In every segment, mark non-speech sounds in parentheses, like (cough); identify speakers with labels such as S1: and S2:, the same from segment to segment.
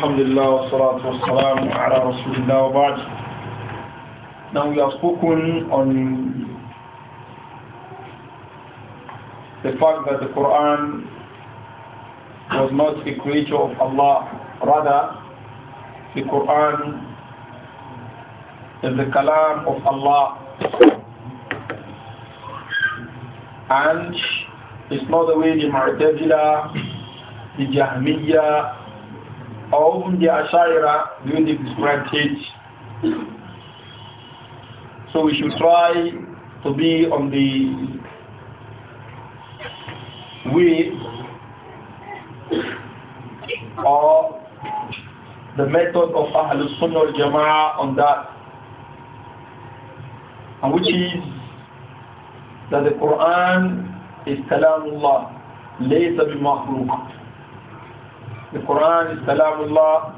S1: الحمد لله والصلاة والسلام على رسول الله وبعد Now we have spoken on the fact that the Quran was not a creature of Allah rather the Quran is the kalam of Allah and it's not the way the Mu'tazila the Jahmiyyah or even the Ashaira during the prescribed teach, So we should try to be on the way or the method of Ahlul Sunnah al Jama'ah on that, and which is that the Quran is Kalamullah, laysa bi makhluq. The Quran is Kalamullah,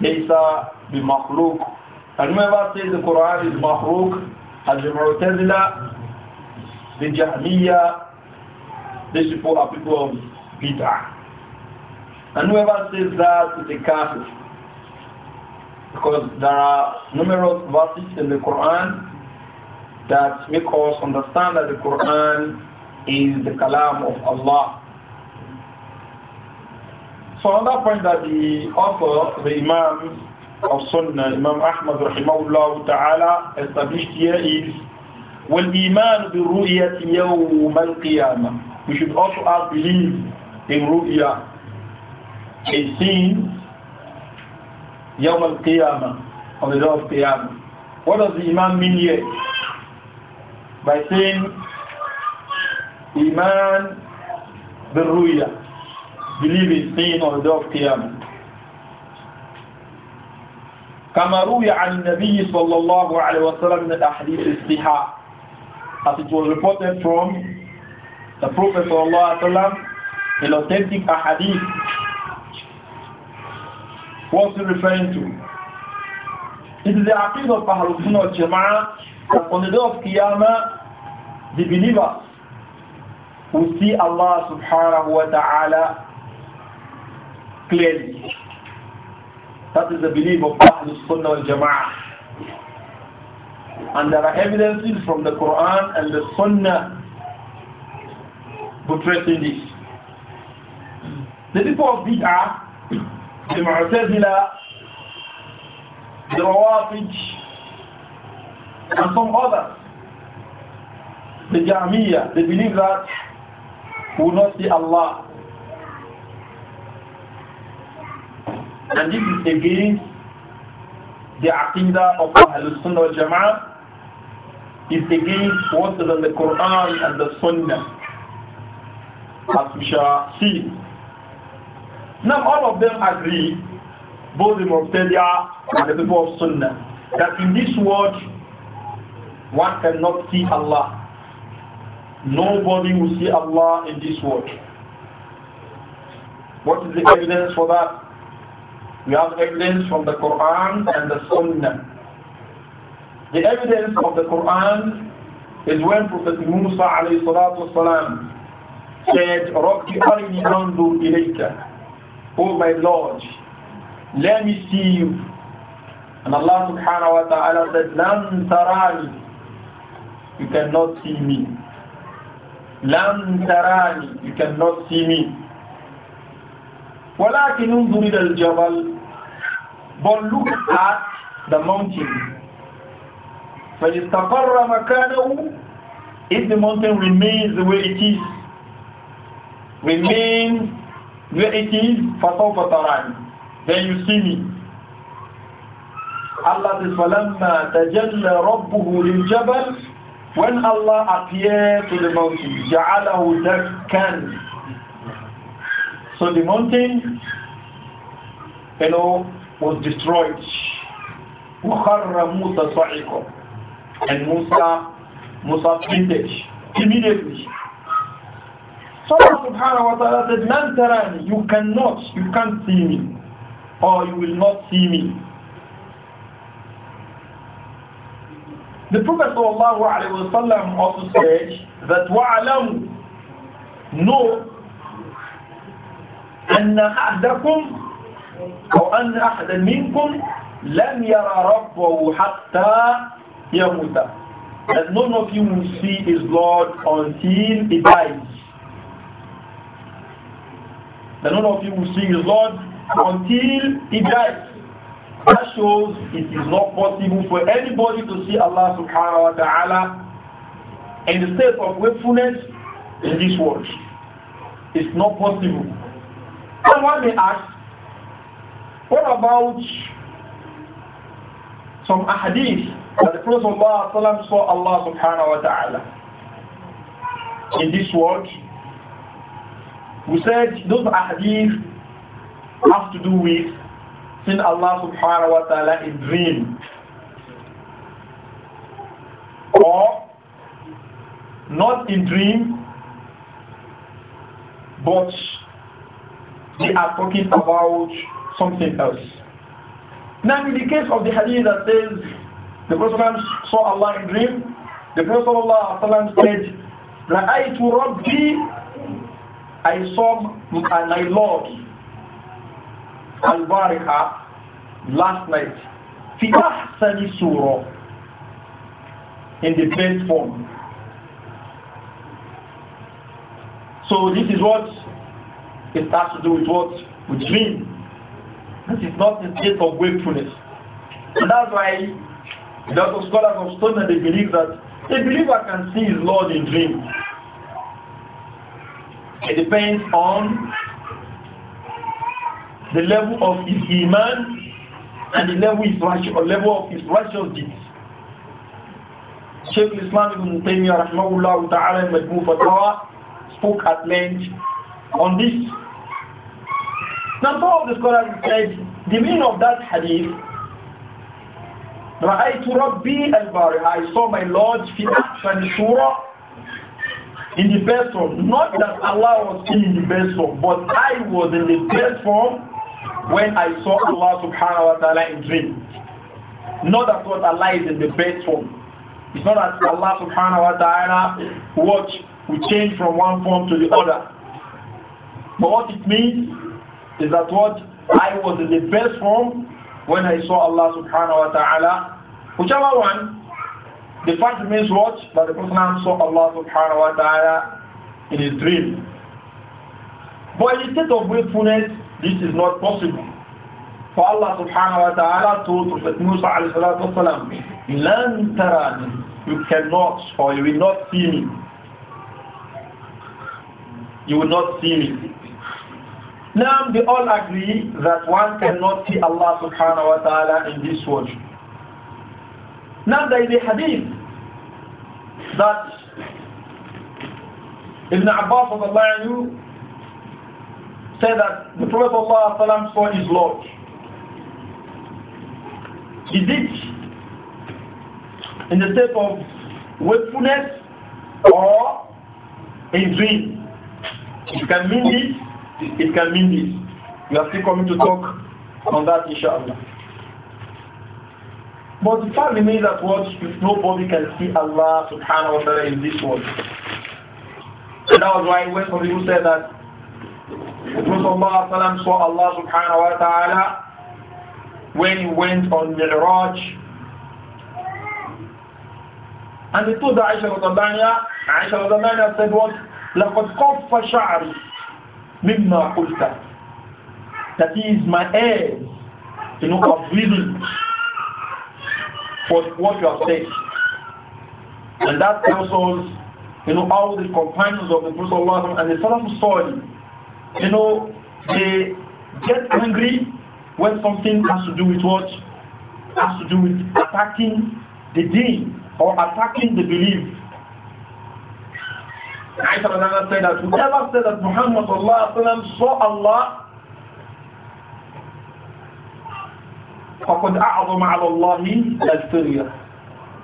S1: Isa bi Makhluk. And whoever says the Quran is Makhluk, as the Mu'tazila, the Jahmiya, these people are people of Bid'ah. And whoever says that is a kafir. Because there are numerous verses in the Quran that make us understand that the Quran is the kalam of Allah So another point that the author, the Imam of Sunnah, Imam Ahmad rahimahullah ta'ala established here is والإيمان بالرؤية يوم القيامة We should also have belief in ru'ya, a seen يوم القيامة, on the day of Qiyamah. What does the Imam mean here? By saying إيمان بالرؤية believe in sin on the day of Qiyamah. كما روي عن النبي صلى الله عليه وسلم من الأحاديث الصحيحة as it was reported from the Prophet صلى الله عليه وسلم in authentic ahadith what's he referring to it is the aqid of Ahlul Sunnah al that on the day of Qiyamah the believers will see Allah subhanahu wa ta'ala clearly. That is the belief of Ahlus Sunnah wal Jama'ah. And there are evidences from the Quran and the Sunnah buttressing this. The people of Bid'ah, the Mu'tazila, the Rawafij, and some others, the Jahmiyyah, they believe that we will not see Allah And this is against the Aqidah of the Sunnah Jama'ah. It's against what is in the Quran and the Sunnah. As we shall see. Now all of them agree, both the Muqtadiya and the people of Sunnah, that in this world one cannot see Allah. Nobody will see Allah in this world. What is the evidence for that? We have evidence from the Quran and the Sunnah. The evidence of the Quran is when Prophet Musa alayhi said, Rabbi arini andu ilayka. O my Lord, let me see you. And Allah subhanahu wa ta'ala said, Lam tarani. You cannot see me. Lam tarani. You cannot see me. وَلَكِنْ انظُرْ إِلَى الْجَبَلِ But look at the mountain. فَيَسْتَقَرَّ مَكَانَهُ If the mountain remains the way it is, remains where it is, فَسَوْفَ تَرَانِ Then you see me. Allah says, فَلَمَّا تَجَلَّ رَبُّهُ لِلْجَبَلِ When Allah appeared to the mountain, جَعَلَهُ دَكًّا so the mountain, you know, was destroyed. And Musa, Musa fainted immediately. So Allah subhanahu wa ta'ala said, Man tarani, you cannot, you can't see me, or you will not see me. The Prophet sallallahu Allah wa also said that, Waalam Know أن أحدكم أو أن أحدا منكم لم يرى ربه حتى يموت that none of you will see his Lord until he dies. That none of you will see his Lord until he dies. That shows it is not possible for anybody to see Allah subhanahu wa ta'ala in the state of wakefulness in this world. It's not possible. Someone may ask, what about some ahadith that the Prophet ﷺ saw Allah subhanahu wa ta'ala in this world? We said those ahadith have to do with seeing Allah subhanahu wa ta'ala in dream or not in dream but they are talking about something else. Now, in the case of the hadith that says the Prophet saw Allah in dream, the Prophet said, Ra'aytu Rabbi, I saw my Lord, Al-Barika, last night, fi ahsani surah, in the best form. So this is what it has to do with what? With dream. This is not the state of wakefulness. And that's why there are scholars of stone Stoner they believe that a believer can see his Lord in dream. It depends on the level of his iman and the level, is righteous, or level of his righteous deeds. Sheikh Islam ibn Taymiyyah rahmahullah ta'ala Majmu Fatwa spoke at length on this now some of the scholars said the meaning of that hadith رَأَيْتُ رَبِّي الْبَارِحَ I saw my Lord in the best form. Not that Allah was in the best form, but I was in the best form when I saw Allah subhanahu wa ta'ala in dream. Not that what Allah is in the best form. It's not that Allah subhanahu wa ta'ala watch will change from one form to the other. But what it means is that what? I was in the best form when I saw Allah subhanahu wa ta'ala. Whichever one, the fact remains what? That the Prophet saw Allah subhanahu wa ta'ala in his dream. But in state of wakefulness, this is not possible. For Allah subhanahu wa ta'ala told Prophet Musa alayhi salatu wasalam, لَن تَرَانِ You cannot or you will not see me. You will not see me. Now they all agree that one cannot see Allah subhanahu wa ta'ala in this world. Now there is a hadith that Ibn Abbas said that the Prophet Allah saw his Lord. He did in the state of wakefulness or in dream. You can mean this it can mean this. We are still coming to talk on that, inshallah. But the fact remains that what nobody can see Allah subhanahu wa ta'ala in this world. And that was why when some people said that Rasulullah saw Allah subhanahu wa ta'ala when he went on the Mi'raj. And they told Aisha Radabaniya, Aisha Radabaniya said what? لَقَدْ قَفَّ شَعْرِ مما قلت that is my heirs you know of reason for what you have said and that tells us you know all the companions of the Prophet and the Salaf story you know they get angry when something has to do with what has to do with attacking the deen or attacking the belief Aisha said that whoever said that Muhammad saw Allah فقد أعظم على الله الفترية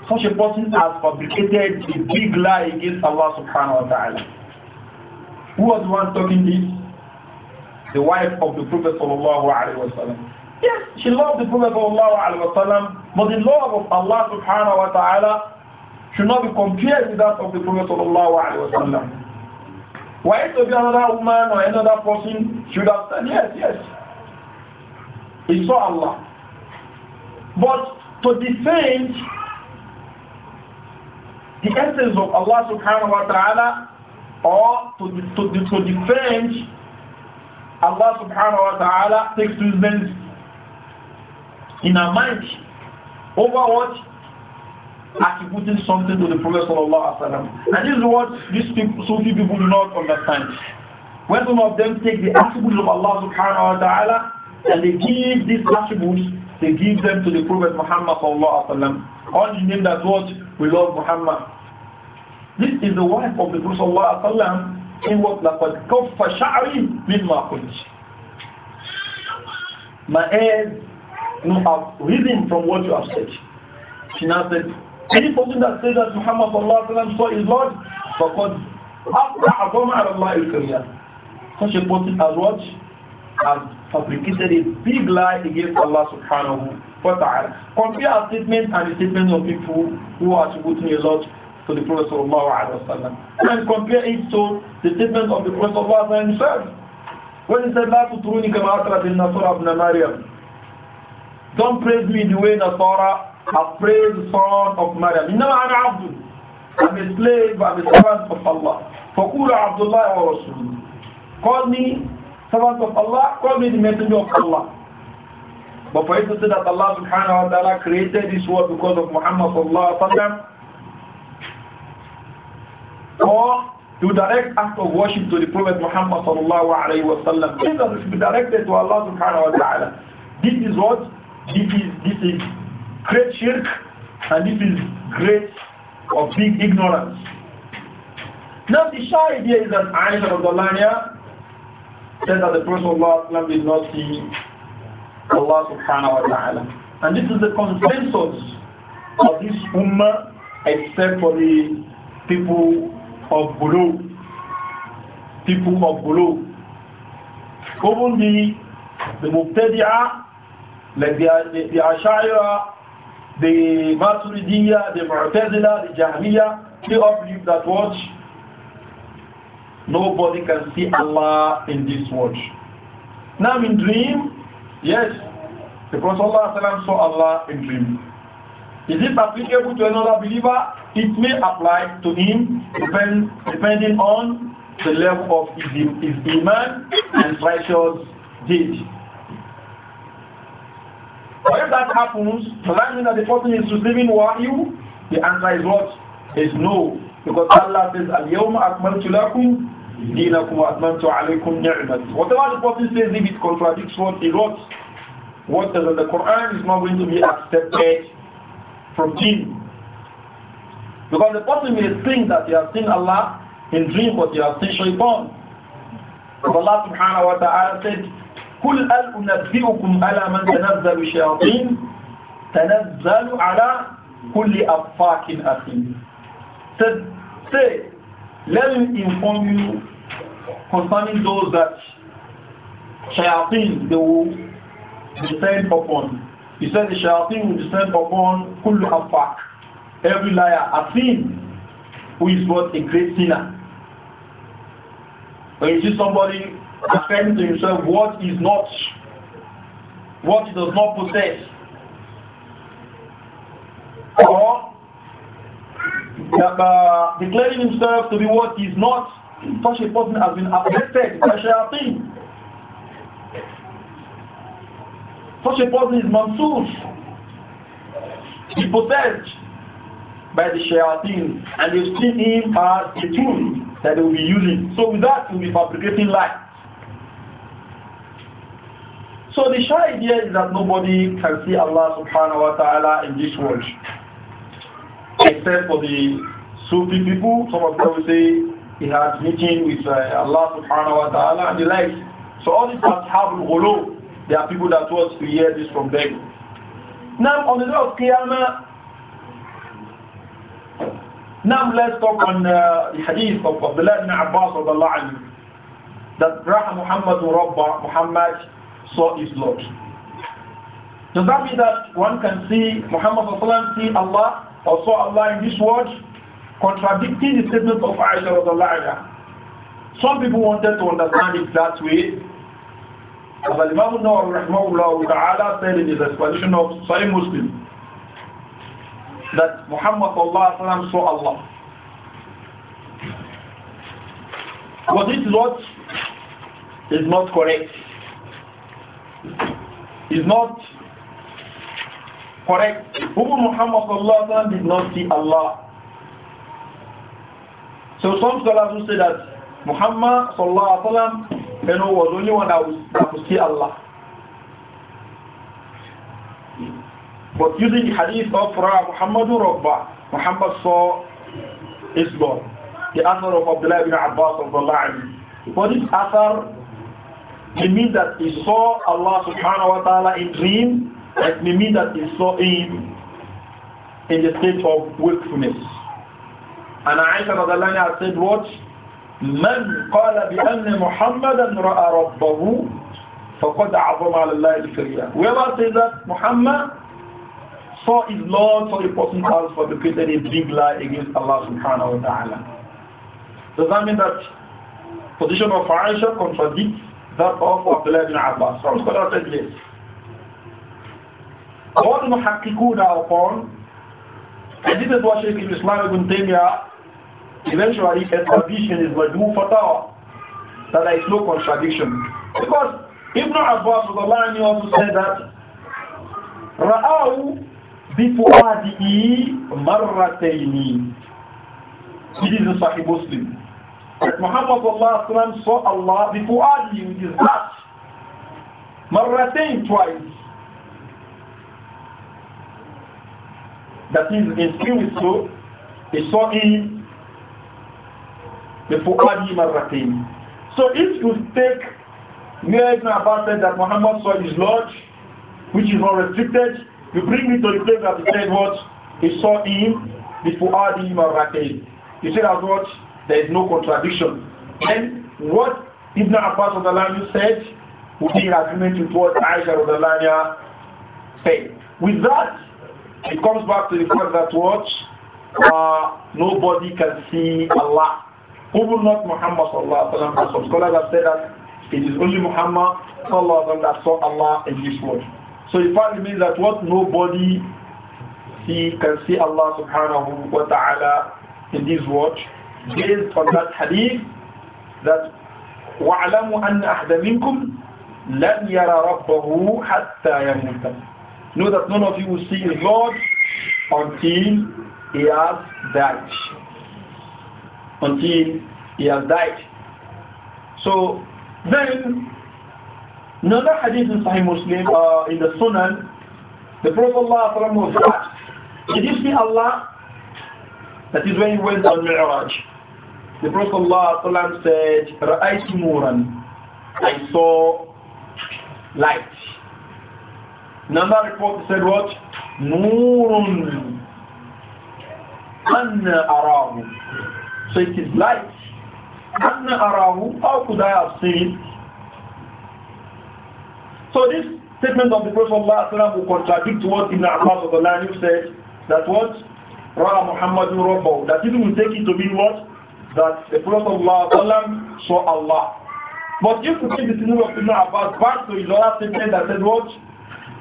S1: such a person has fabricated a big lie against Allah subhanahu wa ta'ala. Who was the one talking this? The wife of the Prophet sallallahu alayhi wa sallam. Yes, she loved the Prophet sallallahu alayhi wa sallam, but the love of Allah subhanahu wa ta'ala should not be compared with that of the Prophet wasallam. Why it be another woman or another person should have done yes, yes, he saw Allah. But to defend the essence of Allah subhanahu wa ta'ala or to, to, to defend Allah subhanahu wa ta'ala takes precedence in our mind over what attributing something to the Prophet sallallahu alaihi wasallam. And this is what these people, Sufi people do not understand. When some of them take the attributes of Allah subhanahu wa ta'ala and they give these attributes, they give them to the Prophet Muhammad sallallahu alaihi wasallam. All the name that what we love Muhammad. This is the wife of the Prophet sallallahu alaihi wasallam in what لَقَدْ كَفَّ شَعْرِي مِمَّا قُلْتِ My ears you know, have risen from what you have said. She now said, any person that says that Muhammad saw is Lord, because after Azam Allah such a person as what? Has fabricated a big lie against Allah subhanahu wa ta'ala. Compare our statement and the statement of people who are attributing a lot to the Prophet sallallahu alayhi wa sallam. And compare it to the statement of the Prophet sallallahu alayhi wa sallam himself. When he said, لَا تُطْرُونِ كَمَا أَطْرَتِ النَّصَرَ ابْنَ مَرْيَمْ Don't praise me the way Nasara appraise the son of Maryam. No, I'm Abdul. I'm a slave, I'm a servant of Allah. Fakura Abdullah wa Rasul. Call me servant of Allah, call me the messenger of Allah. But for it to say that Allah subhanahu wa ta'ala created this world because of Muhammad sallallahu alayhi wa or to direct act of worship to the Prophet Muhammad sallallahu alayhi wa sallam, This that should be directed to Allah subhanahu wa ta'ala. This is what? This is, this is great shirk and this is great or big ignorance. Now the shy idea is that Aisha of Dalania said that the Prophet of Allah did not see Allah subhanahu wa ta'ala. And this is the consensus of this ummah except for the people of Bulu. People of Bulu. Even the, the Mubtadi'ah, like the, the, the the Maturidiyya, the Mu'tazila, the Jahmiya, they all believe that what? Nobody can see Allah in this world. Now in dream, yes, the Prophet ﷺ saw Allah in dream. Is it applicable to another believer? It may apply to him depend, depending on the level of his, his iman and righteous deeds. But if that happens, does that mean that the person is receiving wahyu? The answer is what? Is no. Because Allah says, Al-Yawma akmaltu lakum dinakum atmantu alaykum ni'mat. Whatever the person says, if it contradicts what he wrote, what does the Quran is not going to be accepted from him. Because the person may think that he has seen Allah in dream, but he has seen shaitan. But Allah subhanahu wa ta'ala said, قل هل أنبئكم على من تنزل الشياطين تنزل على كل أفاك أثيم Say, let me inform you concerning those that shayateen they will descend upon. He said the shayateen will descend upon kullu afak, every liar, a Athene, who is what a great sinner. When you see somebody ascribing to himself what is not, what he does not possess. Or uh, declaring himself to be what is not. Such a person has been affected by thing. Such a person is mansoor. He possessed by the shayateen and they see him as a tool that they will be using. So with that, he will be fabricating lies. So the shy idea is that nobody can see Allah subhanahu wa ta'ala in this world. Except for the Sufi people, some of them say he had meeting with uh, Allah subhanahu wa ta'ala and the like. So all these ashabul ghulu, there are people that want to hear this from them. Now on the day of Qiyamah, now let's talk on uh, the hadith of Abdullah ibn Abbas of Allah that Raha Muhammad Rabba, Muhammad so is Lord. Does that mean that one can see Muhammad see Allah or saw Allah in this world? Contradicting the statement of Aisha anha. Some people wanted to understand it that way. As Imam Nawawi ta'ala said in his explanation of Sahih Muslim that Muhammad saw Allah. But this is what is not correct. is not correct. Umm Muhammad sallallahu alaihi did not see Allah. So some scholars will say that Muhammad sallallahu alaihi wasallam you know, was the only one that was that would see Allah. But using the hadith of Ra Muhammadu Rabba, Muhammad saw his God. The answer of Abdullah ibn Abbas of the line. But this answer He means that he saw Allah subhanahu wa ta'ala in dream. and he means that he saw him in the state of wakefulness. And Aisha radiallahu anha said what? من قال بأن محمدا رأى ربه فقد عظم على الله الكريم. Whoever says that Muhammad saw his Lord, saw the person else fabricated a big lie against Allah subhanahu wa ta'ala. Does that mean that position of Aisha contradicts ذاك أوف عبد الله بن Abbas from scholars said this. All محققون are upon and this is what Sheikh Islam ibn Taymiyyah eventually established in his Majmu Fatawa that there is no contradiction. Because Ibn Abbas also said that رآه بفؤاده مرتين It is in Sahih Muslim. that Muhammad Allah saw Allah before Ali with his eyes. Marratain twice. That is in spirit so he saw him before Ali Marratain. So if you take where about that Muhammad saw his Lord, which is unrestricted, restricted, you bring me to the place that he said what? He saw him before Ali Marratain. He said as what? there is no contradiction. Then what Ibn Abbas Radalani said would be in agreement with what Aisha of the Radalani said. With that, it comes back to the fact that what uh, nobody can see Allah. Who will not Muhammad sallallahu alaihi wasallam. Some scholars have said that it is only Muhammad sallallahu alaihi wasallam that saw Allah in this world. So the fact means that what nobody see can see Allah subhanahu wa taala in this world based on that hadith that وَعْلَمُوا أَنَّ أَحْدَ مِنْكُمْ لَنْ يَرَى رَبَّهُ حَتَّى يَمُوتَ Know that none of you will see his Lord until he has died. Until he has died. So then, another hadith in Sahih Muslim, uh, in the Sunan, the Prophet was asked, Did you see Allah? That is when he went on Mi'raj. The Prophet ﷺ said, Ra'aytu Nuran, I saw light. Another report said what? Nurun Anna Arahu. So it is light. Anna Arahu, how could I have seen it? So this statement of the Prophet ﷺ will contradict what Ibn Abbas of the Lanu said, that what? Ra Muhammadun Rabbahu, that even will take it to be what? that the Prophet Allah saw Allah. But if you take the Sunnah of Ibn Abbas back to his other statement that said what?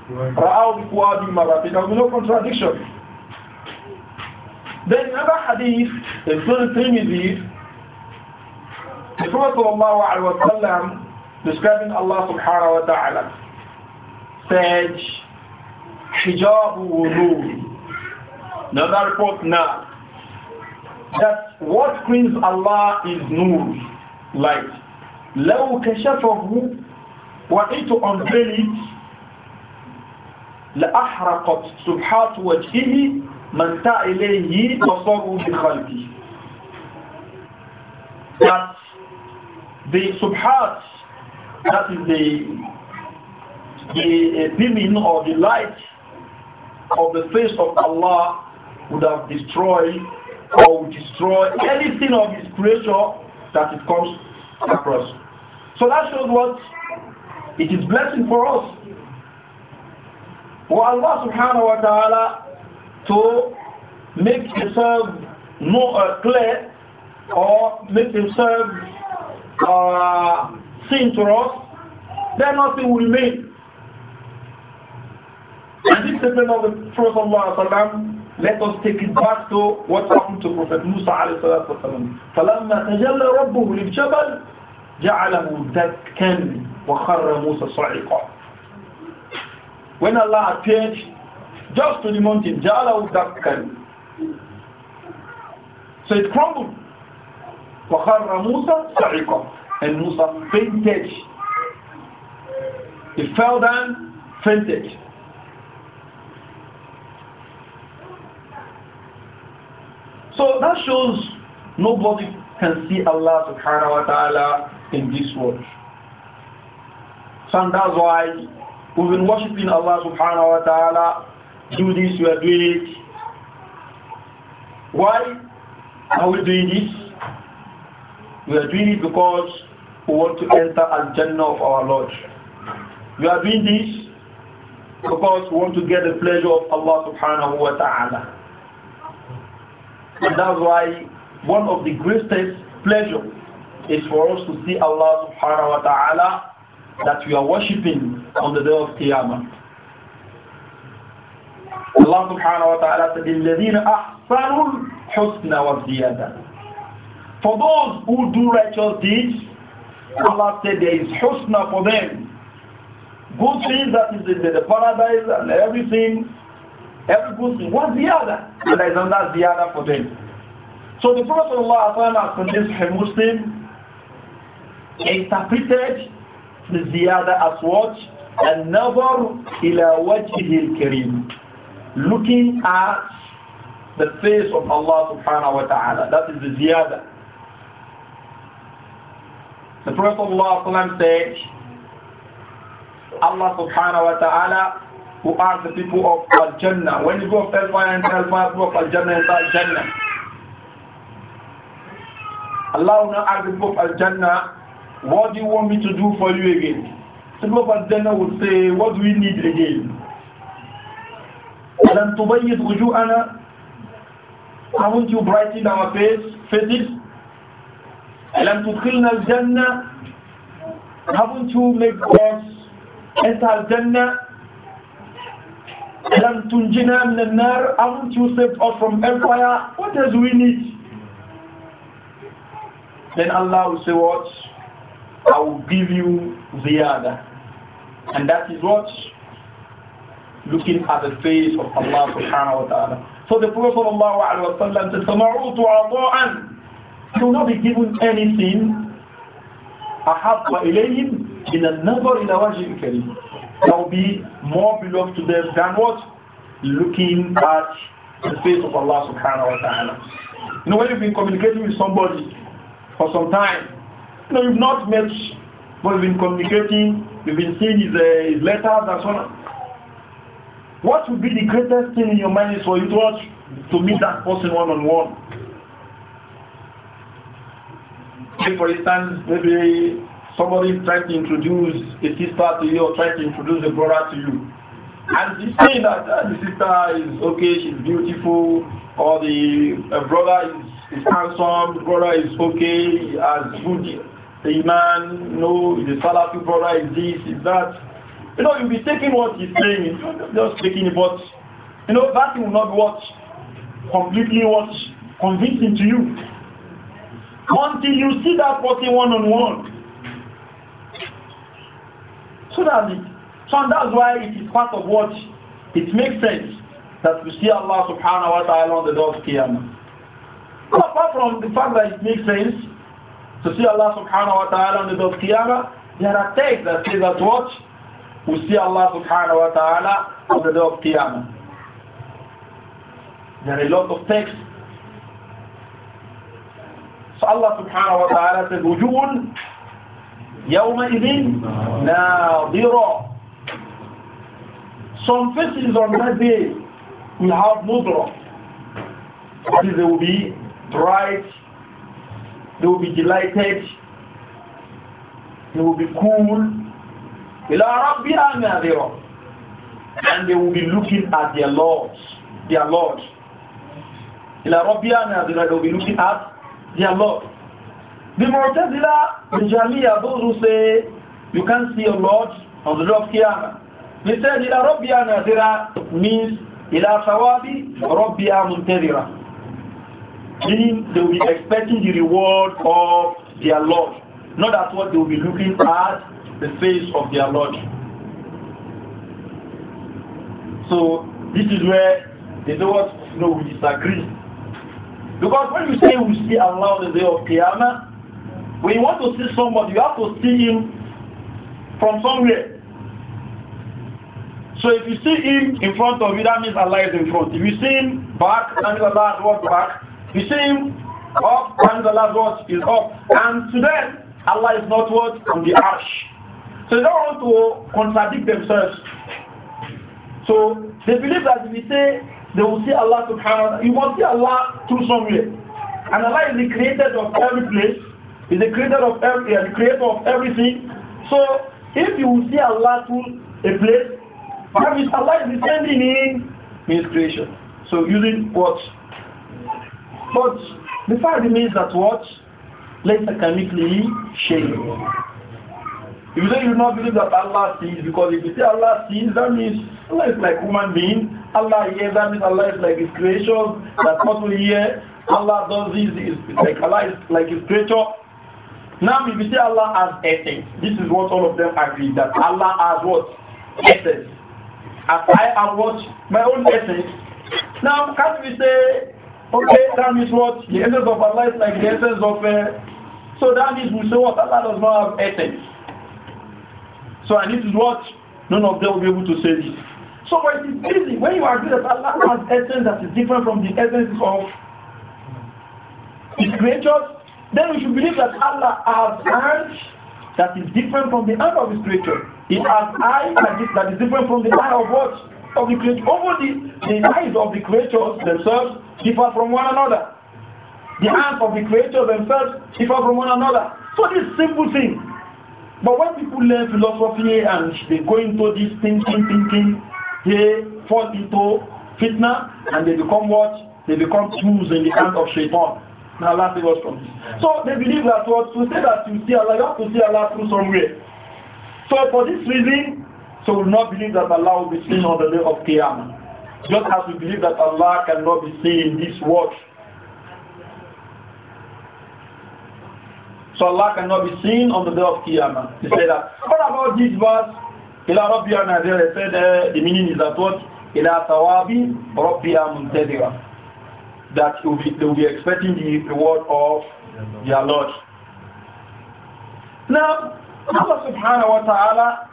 S1: Ra'aw Fuadi Marafi. There will be no contradiction. Then another hadith, in Sunnah Tirmidhi, the Prophet Allah describing Allah subhanahu wa ta'ala said, Hijabu wudu. Another report now. that what screens Allah is nur, light. لو كشفه were it لأحرقت سبحات وجهه من تا إليه بخلقه that the subhat that is the the dimming or the light of the face of Allah would have destroyed or will destroy anything of his creation that it comes across. So that shows what it is blessing for us. For Allah subhanahu wa ta'ala to make himself more uh, clear or make himself uh, seen to us, then nothing will remain. And this statement of the Prophet let us take it back to what happened to Prophet Musa عليه الصلاة والسلام فلما تجلى ربه للجبل جعله دكا وخر موسى صعقا when Allah appeared just to the mountain جعله دكا so it crumbled وخر موسى صعقا and Musa fainted he fell down fainted So that shows nobody can see Allah subhanahu wa ta'ala in this world. So and that's why we've been worshipping Allah subhanahu wa ta'ala. Do this, we are doing it. Why are we doing this? We are doing it because we want to enter Al Jannah of our Lord. We are doing this because we want to get the pleasure of Allah subhanahu wa ta'ala. And that's why one of the greatest pleasures is for us to see Allah subhanahu wa ta'ala that we are worshipping on the day of Qiyamah. Allah subhanahu wa ta'ala said, الَّذِينَ أَحْسَنُوا الْحُسْنَ وَالزِّيَادَةِ For those who do righteous deeds, Allah said there is husna for them. Good things that is in the paradise and everything Every Muslim one ziyada, and there is another ziyada for them. So the Prophet has convinced a Muslim interpreted the ziyada as what? النظر ila وجهه kareem, looking at the face of Allah subhanahu wa ta'ala that is the ziyada the Prophet of Allah said Allah subhanahu wa ta'ala who are the people of Al Jannah. When you go of Hellfire and Hellfire, people of Al Jannah and Al Jannah. Allah will not ask the people of Al Jannah, What do you want me to do for you again? The people of Al Jannah will say, What do we need again? أَلَمْ تُبَيِّضْ وُجُوءَنَا Haven't you brightened our face, faces? أَلَمْ Jannah, الْجَنَّةِ Haven't you made us enter Al Jannah? Alam tunjina minan Haven't you saved us from empire? What else we need? Then Allah will say what? I will give you the other. And that is what? Looking at the face of Allah subhanahu wa ta'ala. So the Prophet sallallahu alayhi wa sallam said, سَمَعُوتُ عَطَاءً You will not be given anything أَحَبَّ إِلَيْهِمْ مِنَ النَّظَرِ إِلَى وَجْهِ الْكَرِيمِ that will be more beloved to them than what? Looking at the face of Allah subhanahu wa ta'ala. You know, when you've been communicating with somebody for some time, you know, you've not met, but you've been communicating, you've been seeing his, uh, his letters and so on. What would be the greatest thing in your mind is for you to watch, to meet that person one on one? Say, for instance, maybe somebody is trying to introduce a sister to you or trying to introduce a brother to you. And he's say that uh, the sister is okay, she's beautiful, or the uh, brother is, is handsome, the brother is okay, as good a man, no, the Salafi brother is this, is that. You know, you'll be taking what he's saying, just taking it, but, you know, that will not what completely what convincing to you. Until you see that person one on one, so that so that's why it is part of what it makes sense that we see Allah subhanahu wa ta'ala on the door of Qiyamah. But apart from the fact that it makes sense to see Allah subhanahu wa ta'ala on the door of Qiyamah, there are texts that say that what? We see Allah subhanahu wa ta'ala on the door of Qiyamah. There are a lot of texts. So Allah subhanahu wa ta'ala says, يومئذ ناظرة Some faces on that day will have mudra. That is, they will be bright, they will be delighted, they will be cool. إلى ربها ناظرة And they will be looking at their Lord, their Lord. إلى ربها ناظرة, they will be looking at their Lord. The Mu'tazila, the Jamia, those who say you can't see your Lord on the day of Qiyamah. They said, إِلَى رَبِّيَا نَذِرَا means إِلَى ثَوَابِ رَبِّيَا مُنْتَذِرَا Meaning they will be expecting the reward of their Lord. Not at what they will be looking at the face of their Lord. So this is where the do what you know, will disagree. Because when you say we see Allah on the day of Qiyamah, when you want to see somebody, you have to see him from somewhere. So if you see him in front of you, that means Allah is in front. If you see him back, that means Allah is what back. If you see him up, that means Allah's what is up. And to them, Allah is not what on the arch. So they don't want to contradict themselves. So they believe that if we say they will see Allah subhanahu wa ta'ala, you must see Allah through somewhere. And Allah is the creator of every place. He's the creator of every, the creator of everything. So if you see Allah to a place, perhaps Allah is descending in His creation. So using what? But the fact remains that what? Let's academically shame. If you say you do not believe that Allah sees, because if you say Allah sees, that means Allah is like human being. Allah hears, that means Allah is like His creation. That what we hear, Allah does this, is like Allah is like His creature. Now, if you say Allah has essence, this is what all of them agree that Allah has what? Essence. As I have what? My own essence. Now, can't we say, okay, that means what? The essence of Allah is like the essence of. Uh, so that means we say what? Allah does not have essence. So, and this is what? None of them will be able to say this. So, but it is easy when you agree that Allah has essence that is different from the essence of His creatures then we should believe that Allah has hands that is different from the hand of his creature. He has eyes that is, that is different from the eye of what? Of the creature. Over the, eyes of the creatures themselves differ from one another. The hands of the creatures themselves differ from one another. So this simple thing. But when people learn philosophy and they go into this thinking, thinking, they fall into fitna and they become what? They become tools in the hands of shaitan. Now Allah save us from this. So they believe that what to say that you see Allah, you have to see Allah through somewhere. So for this reason, so we will not believe that Allah will be seen on the day of Qiyamah. Just as we believe that Allah cannot be seen in this world. So Allah cannot be seen on the day of Qiyamah. He said that. What about this verse? Ila Rabbi said uh, the meaning is that what? Ila Tawabi Rabbi Muntadira that will be, they will be expecting the reward of their Lord. Now, Allah subhanahu wa ta'ala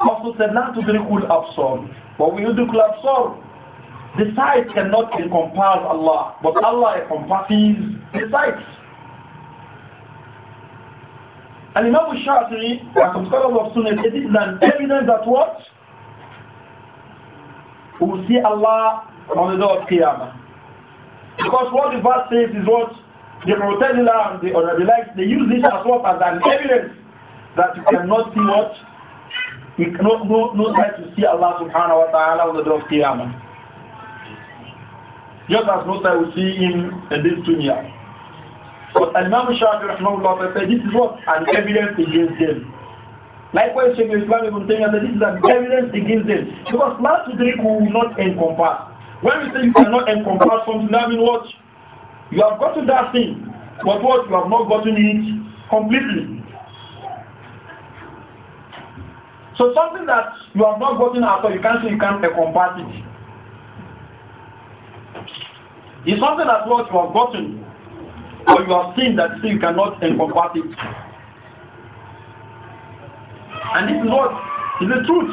S1: also said, not to drikul absorb. But we drikul absorb. The sight cannot encompass Allah, but Allah encompasses the sight. And Imam Shafi'i, as some scholars of Sunnah, this is an evidence that what? We will see Allah on the day of Qiyamah. Because what the verse says is what the Mu'tazila and the likes they use this as what as an evidence that you cannot see what you cannot no no try to see Allah subhanahu wa ta'ala on the day of Qiyamah. Just as no sight will see him in this dunya. But Imam Shah rahmahullah said this is what an evidence against them. Likewise, Shaykh Islam Ibn Taymiyyah said this is an evidence against them. Because last week we will not encompass. When we say you cannot encompass something, that means what? You have gotten that thing, but what? You have not gotten it completely. So something that you have not gotten at all, you can't say you can't encompass it. It's something that what you have gotten or you have seen that thing you cannot encompass it. And this is what is the truth.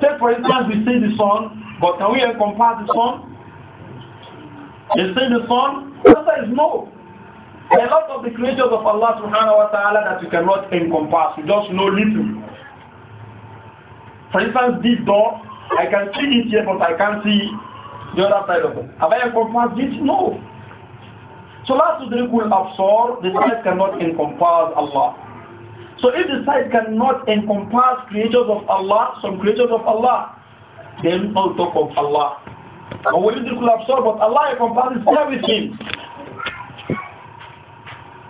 S1: Take for instance, we see the sun but can we compare the sun? They say the sun? The answer is no. There are a lot of the creatures of Allah subhanahu wa ta'ala that you cannot encompass. You just know little. For instance, this door, I can see it here, but I can't see the other side of it. Have I encompassed it? No. So last will absorb. the sight cannot encompass Allah. So if the sight cannot encompass creatures of Allah, some creatures of Allah, then on top of Allah. but when you could absorb, but Allah encompasses everything.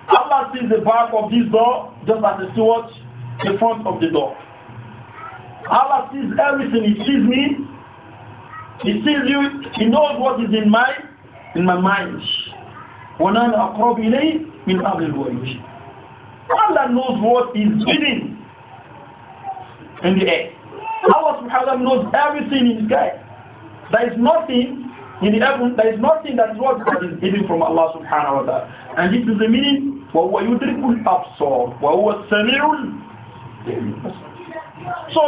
S1: Allah sees the back of this door just as he sees the front of the door. Allah sees everything. He sees me. He sees you. He knows what is in my in my mind. Allah knows what is hidden in the air. Allah subhanahu wa Taala knows everything in the sky. There is nothing in the heaven, there is nothing that is what is hidden from Allah subhanahu wa ta'ala. And this is the meaning, وَهُوَ يُدْرِكُ الْأَبْصَارِ وَهُوَ السَّمِيعُ So,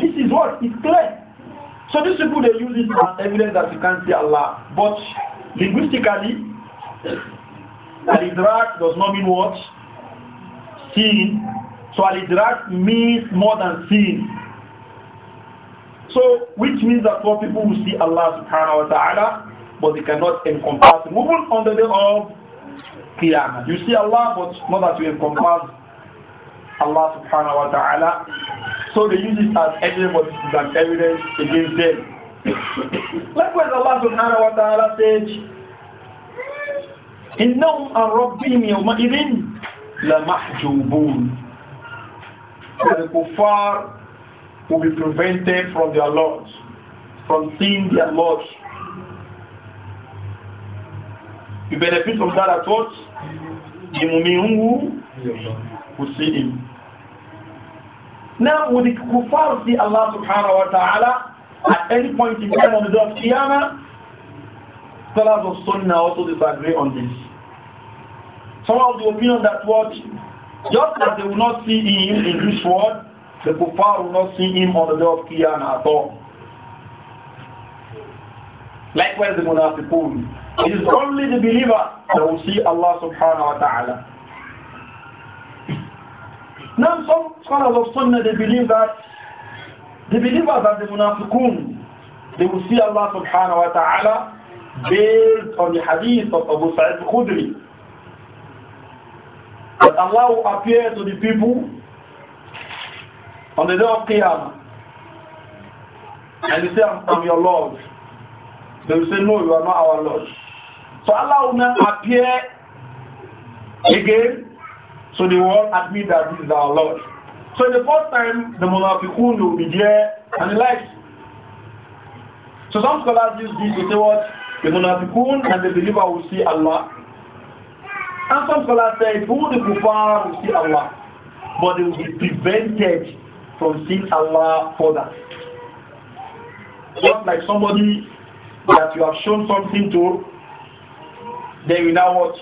S1: this is what is clear. So these people, they use it as evidence that you can't see Allah. But linguistically, al-idrak does not mean what? Seeing. So al-idrak means more than seeing. So, which means that some people will see Allah subhanahu wa ta'ala, but they cannot encompass him. Even on the day of Qiyamah. You see Allah, but not that you encompass Allah subhanahu wa ta'ala. So they use it as evidence, as evidence against them. (coughs) Likewise, Allah subhanahu wa ta'ala said, إِنَّهُمْ أَنْ رَبِّهِمْ يَوْمَئِذٍ لَمَحْجُوبُونَ The kuffar will be prevented from their Lord, from seeing their Lord. You benefit from that at what? The mu'min who see him. Now would the kufar see Allah subhanahu wa ta'ala at any point in time on the day of Qiyamah, scholars of Sunnah also disagree on this. Some of the opinion that what just as they will not see him in this world, the kuffar will not see him on the day of Qiyamah at all. Likewise, the munafiqun. It is only the believer that will see Allah subhanahu wa ta'ala. Now, some scholars of Sunnah, they believe that the believers and the munafiqun, they will see Allah subhanahu wa ta'ala based on the hadith of Abu Sa'id al-Khudri. That Allah will appear to the people on the day of Qiyamah. And you say, I'm your Lord. They will say, No, you are not our Lord. So Allah will not appear again. So they will admit that this is our Lord. So the first time, the Munafiqun will be there and the likes. So some scholars use this to say what? The Munafiqun and the believer will see Allah. And some scholars say, who the Kufar will see Allah. But they will be prevented from seeing Allah further. Just like somebody that you have shown something to, then you now what?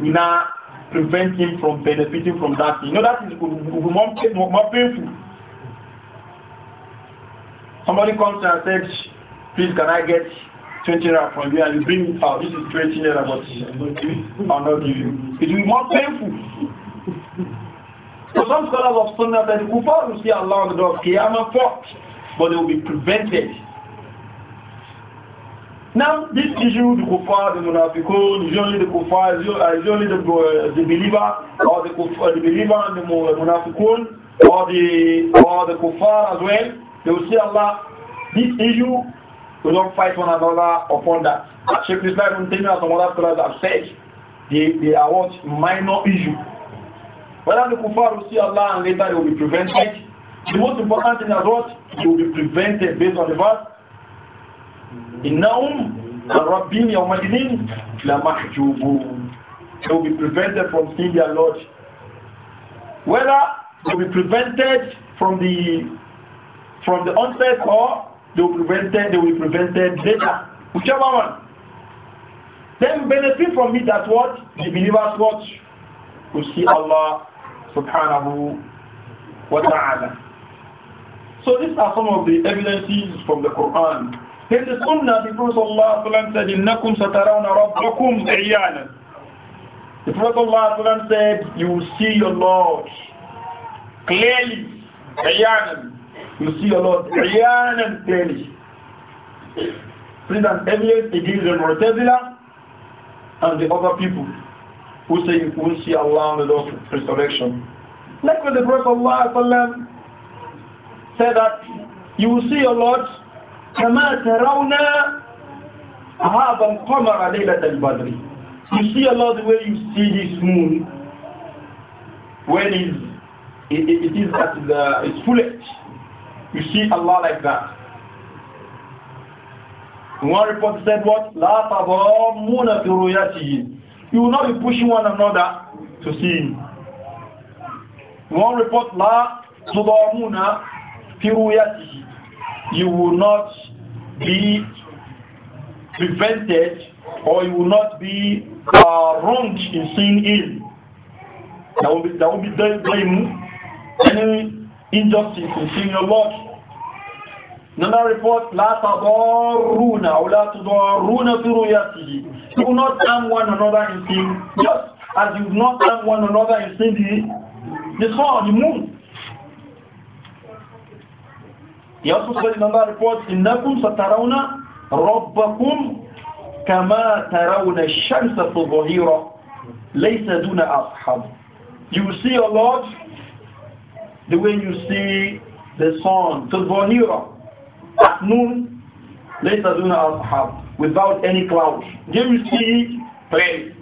S1: You now prevent him from benefiting from that thing. You know that is more, more painful. Somebody comes and says, please can I get 20 naira from you and you bring it out. This is 20 naira, but I'll not give you. It will be more painful. So some scholars of Sunnah that the kuffar will see Allah on the day of Qiyamah first, but they will be prevented. Now, this issue, the kuffar, the munafiqun, is only the kuffar, uh, is only the, uh, the believer, or the, kuffar, the believer and the uh, munafiqun, or the, or the kuffar as well, they will see Allah. This issue, we don't fight one another upon that. Sheikh Islam and some other scholars have said, they, they are what? Minor issue. Whether the kuffar will see Allah and later they will be prevented. The most important thing is what? They will be prevented based on the verse. إِنَّهُمْ رَبِّهِمْ يَوْمَئِذٍ لَمَحْجُوبُونَ They will be prevented from seeing their Lord. Whether they will be prevented from the from the onset or they will be prevented, they will be prevented later. Whichever one. Then benefit from it that what? The believers what? Will see Allah subhanahu wa ta'ala. So these are some of the evidences from the Quran. In the Sunnah, the Prophet ﷺ said, إِنَّكُمْ سَتَرَوْنَ رَبَّكُمْ عِيَانًا The Prophet ﷺ said, you will see your Lord clearly, عِيَانًا You see your Lord عِيَانًا clearly. This is an evidence against the Mu'tazila and the other people who say you will see Allah in the day resurrection. Like when the Prophet Allah said that you will see your Lord كما ترون هذا القمر ليلة البدر You see Allah the way you see this moon when it, it, it is at the, its fullest. You see Allah like that. One report said what? لا تضامون في رؤيته you will not be pushing one another to sin. One report, La Tudamuna Firuyati. You will not be prevented or you will not be uh, wronged in seeing ill. There will be, there will be blame, any injustice in seeing your Lord. Another report, لا تضارون أو لا تضارون في رؤيته. Do not harm one another in sin, just as you do not harm one another in sin, the, the sun, the moon. He also said in another report, إنكم سترون ربكم كما ترون الشمس في الظهيرة ليس دون You will see your Lord the way you see the sun, the ظهيرة at noon, later than al without any clouds, They will see it,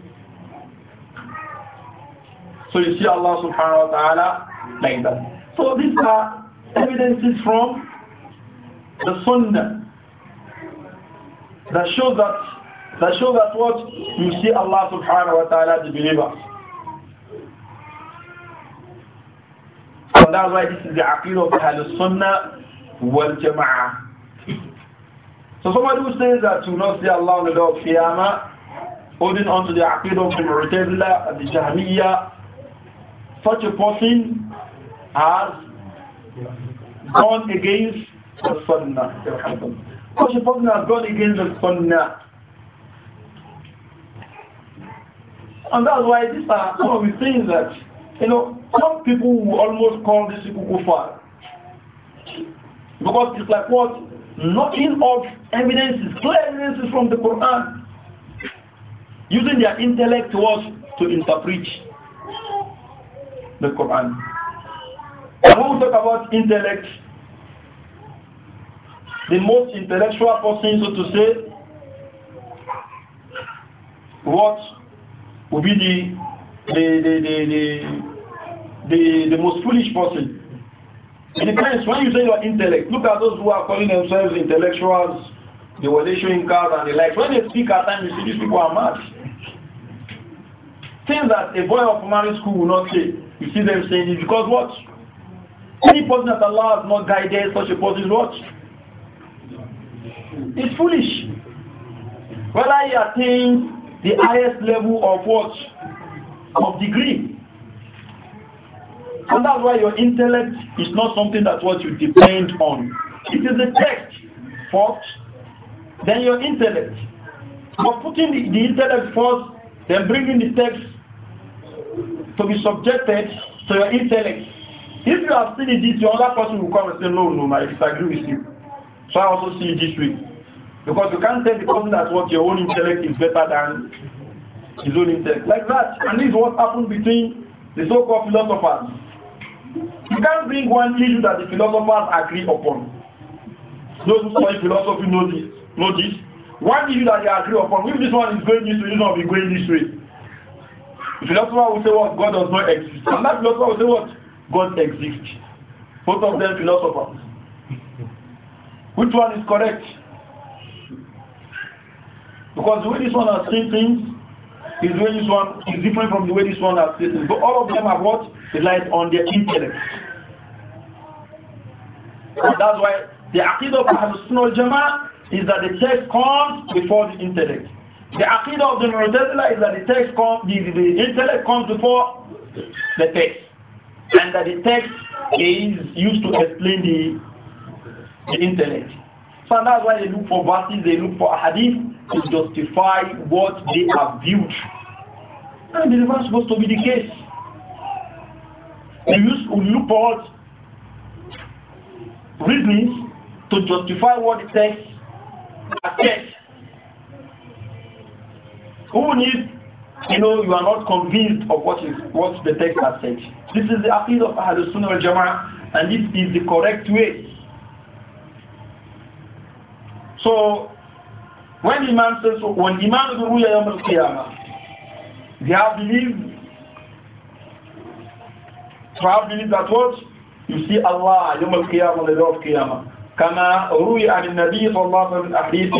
S1: So you see Allah subhanahu wa ta'ala like that. So these are evidences from the sunnah that shows that that show that what you see Allah subhanahu wa ta'ala the believers. So that's why this is the aqeel of Ahlul Sunnah wal Jama'ah. So somebody who says that you not see Allah on the day of Qiyamah, holding on to the Aqidah of the Mu'tazila and the Jahmiyyah, such a person has gone against the Sunnah. Such a person has gone against the Sunnah. And that's why these are some of the things that, you know, some people will almost call this people kufar. Because it's like what knocking off evidences, clear evidences from the Quran, using their intellect towards to interpret the Quran. And when we talk about intellect, the most intellectual person, so to say, what would be the the the the, the, the most foolish person it depends. When you say your intellect, look at those who are calling themselves intellectuals, they were issuing cards and the like. When they speak at times, you see these people are mad. Things that a boy of primary school will not say, you see them saying it because what? Any person that Allah has not guided such a person is what? It's foolish. Whether he attains the highest level of what? Of degree. And that's why your intellect is not something that what you depend on. It is the text first, then your intellect. But putting the, the intellect first, then bringing the text to be subjected to your intellect. If you have seen it this other another person will come and say, no, no, I disagree with you. So I also see it this way. Because you can't tell the person that what your own intellect is better than his own intellect. Like that. And this is what happened between the so-called philosophers you can't bring one issue that the philosophers agree upon. Those who study philosophy know this. Know this. One issue that they agree upon, if this one is going this way, it's one will be going this way. The philosopher will say what God does not exist. And that philosopher will say what? God exists. Both of them philosophers. Which one is correct? Because the way this one has seen things, is this one is different from the way this one has taken. all of them have what? light on their intellect. And that's why the Aqidah of Ahlul Jama is that the text comes before the intellect. The Aqidah of the Mu'tazila is that the text comes, the, the intellect comes before the text. And that the text is used to explain the, the intellect. So that's why they look for verses, they look for hadith to justify what they have viewed. And this is not supposed to be the case. They use loopholes, look reasons to justify what the text says. Who needs you know you are not convinced of what is what the text has said. This is the appeal of Ahlul Sunnah al Jama'ah and this is the correct way So when Imam says, when Imam Ruya Yom Al they have believed, so have believed that what? You see Allah Yom Al Qiyamah, the day of Qiyamah. كما روي عن النبي صلى الله عليه وسلم حديث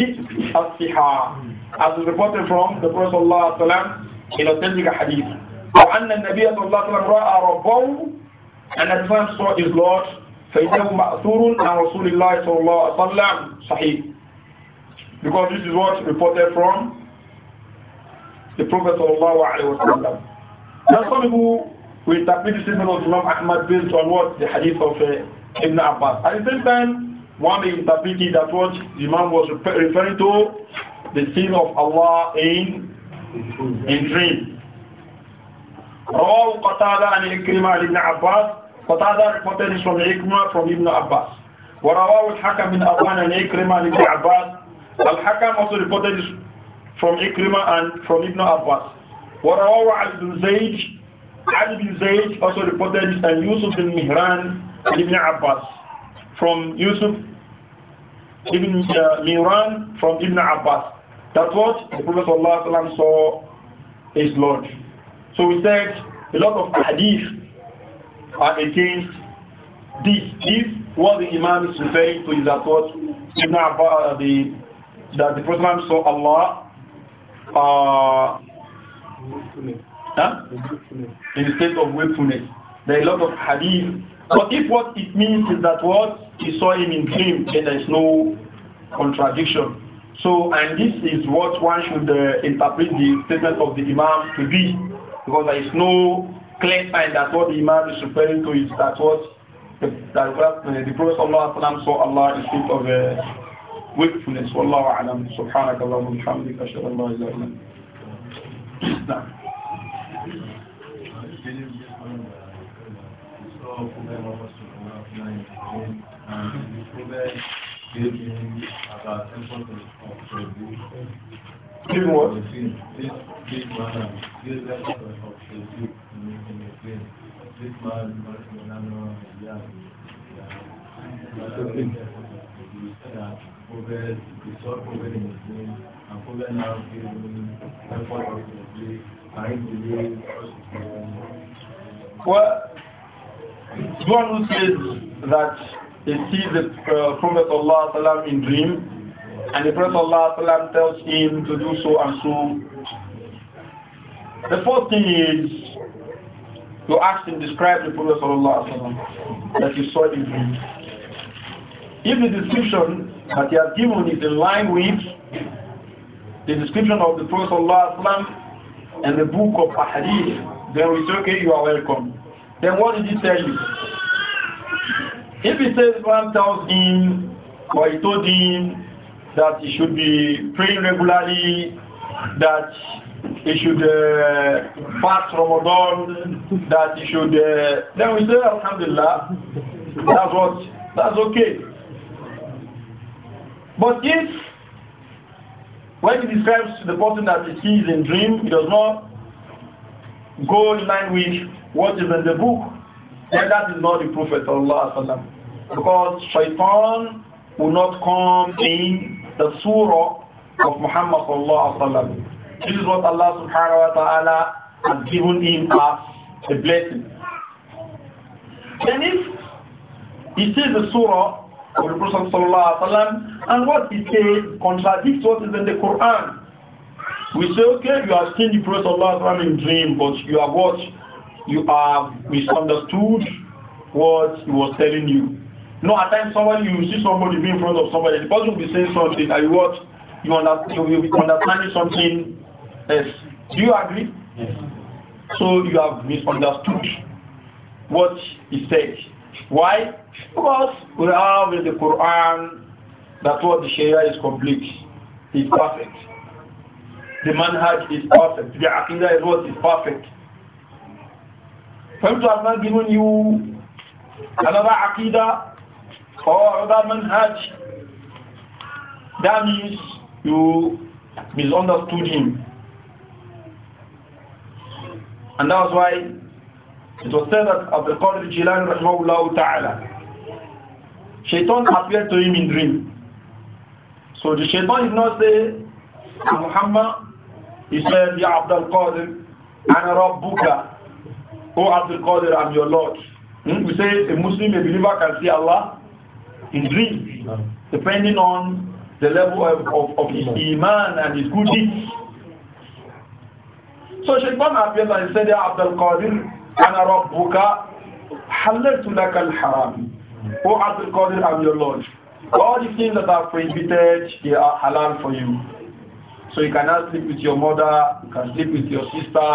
S1: الصحة as reported from the Prophet صلى الله عليه وسلم in authentic hadith وأن النبي صلى الله عليه وسلم رأى ربه أن الإنسان Prophet saw his Lord فإنه مأثور عن رسول الله صلى الله عليه وسلم صحيح Because this is what reported from the Prophet of Allah There are some people who interpret the statement of Imam Ahmad based on what the hadith of uh, Ibn Abbas. At the same time, one may interpret that what Imam was referring to the sin of Allah in in dream. Rawahu Qatada and Ikrimah ibn Abbas. Qatada reported this from Ikrimah from Ibn Abbas. ورواه الحكم بن أبان عن إكرمة بن عباس Al-Hakam also reported from Ikrimah and from Ibn Abbas. ورواه ibn Zayd, Al bin Zayd also reported this and Yusuf bin Mihran and Ibn Abbas. From Yusuf Ibn uh, Mihran from Ibn Abbas. That's what the Prophet ﷺ saw his Lord. So we said a lot of hadith are against this. This was the Imam is referring to is that what Ibn Abbas, uh, the that the Prophet saw Allah uh, huh? in a state of wakefulness. There are a lot of hadith. But if what it means is that what he saw him in dream, then there is no contradiction. So, and this is what one should uh, interpret the statement of the Imam to be, because there is no clear sign that what the Imam is referring to is that what the, that, uh, the Prophet saw Allah in the state of uh, ويكفلس والله أعلم سبحانك الله ومحمدك أشهد الله إذا أعلم
S2: Thank you. we
S3: saw in and now of the
S1: Well, one who says that he sees the uh, Prophet Allah in dream, and the Prophet Allah tells him to do so and so. The first thing is you ask him, describe the Prophet that you saw in dream. If the description that he has given is in line with the description of the Prophet ﷺ and the book of Ahadith, then we say, okay, you are welcome. Then what did he tell you? If he says one tells him, or he told him that he should be praying regularly, that he should uh, fast Ramadan, that he should, uh, then we say, Alhamdulillah, that's what, that's okay. But if, when he describes the person that he sees in dream, he does not go in line with what is in the book, then that is not the Prophet Allah Because shaitan will not come in the surah of Muhammad sallallahu This is what Allah subhanahu wa ta'ala has given him as a blessing. And if he sees the surah of the Prophet and what he said contradicts what is in the Quran. We say, okay, you have seen the Prophet ﷺ in dream, but you have what? You have misunderstood what he was telling you. No, at times somebody, you see somebody be in front of somebody, the person will be saying something, and you what? You, under, you will be understanding something else. Do you agree? Yes. So you have misunderstood what he said. Why? Because we have in the Quran that what the Sharia is complete, is perfect. The manhaj is perfect. The aqidah is what is perfect. For him to have not given you another aqidah or another manhaj, that means you misunderstood him. And that's why it was said that Abdul Qadir Jilani rahmahullah ta'ala Shaitan appeared to him in dream. So the shaitan is not say ah, Muhammad, he said, Ya Abdul Qadir, Ana Rabbuka, O Abdul Qadir, I'm your Lord. Hmm? We say a Muslim, a believer can see Allah in dream, depending on the level of, of, of his Iman and his good deeds. So Shaitan appeared and said, Ya Abdul Qadir, Ana Rabbuka, حللت لك الحرام O Abdul Qadir, I'm your Lord. All the things that are prohibited, they are halal for you. So you cannot sleep with your mother, you can sleep with your sister,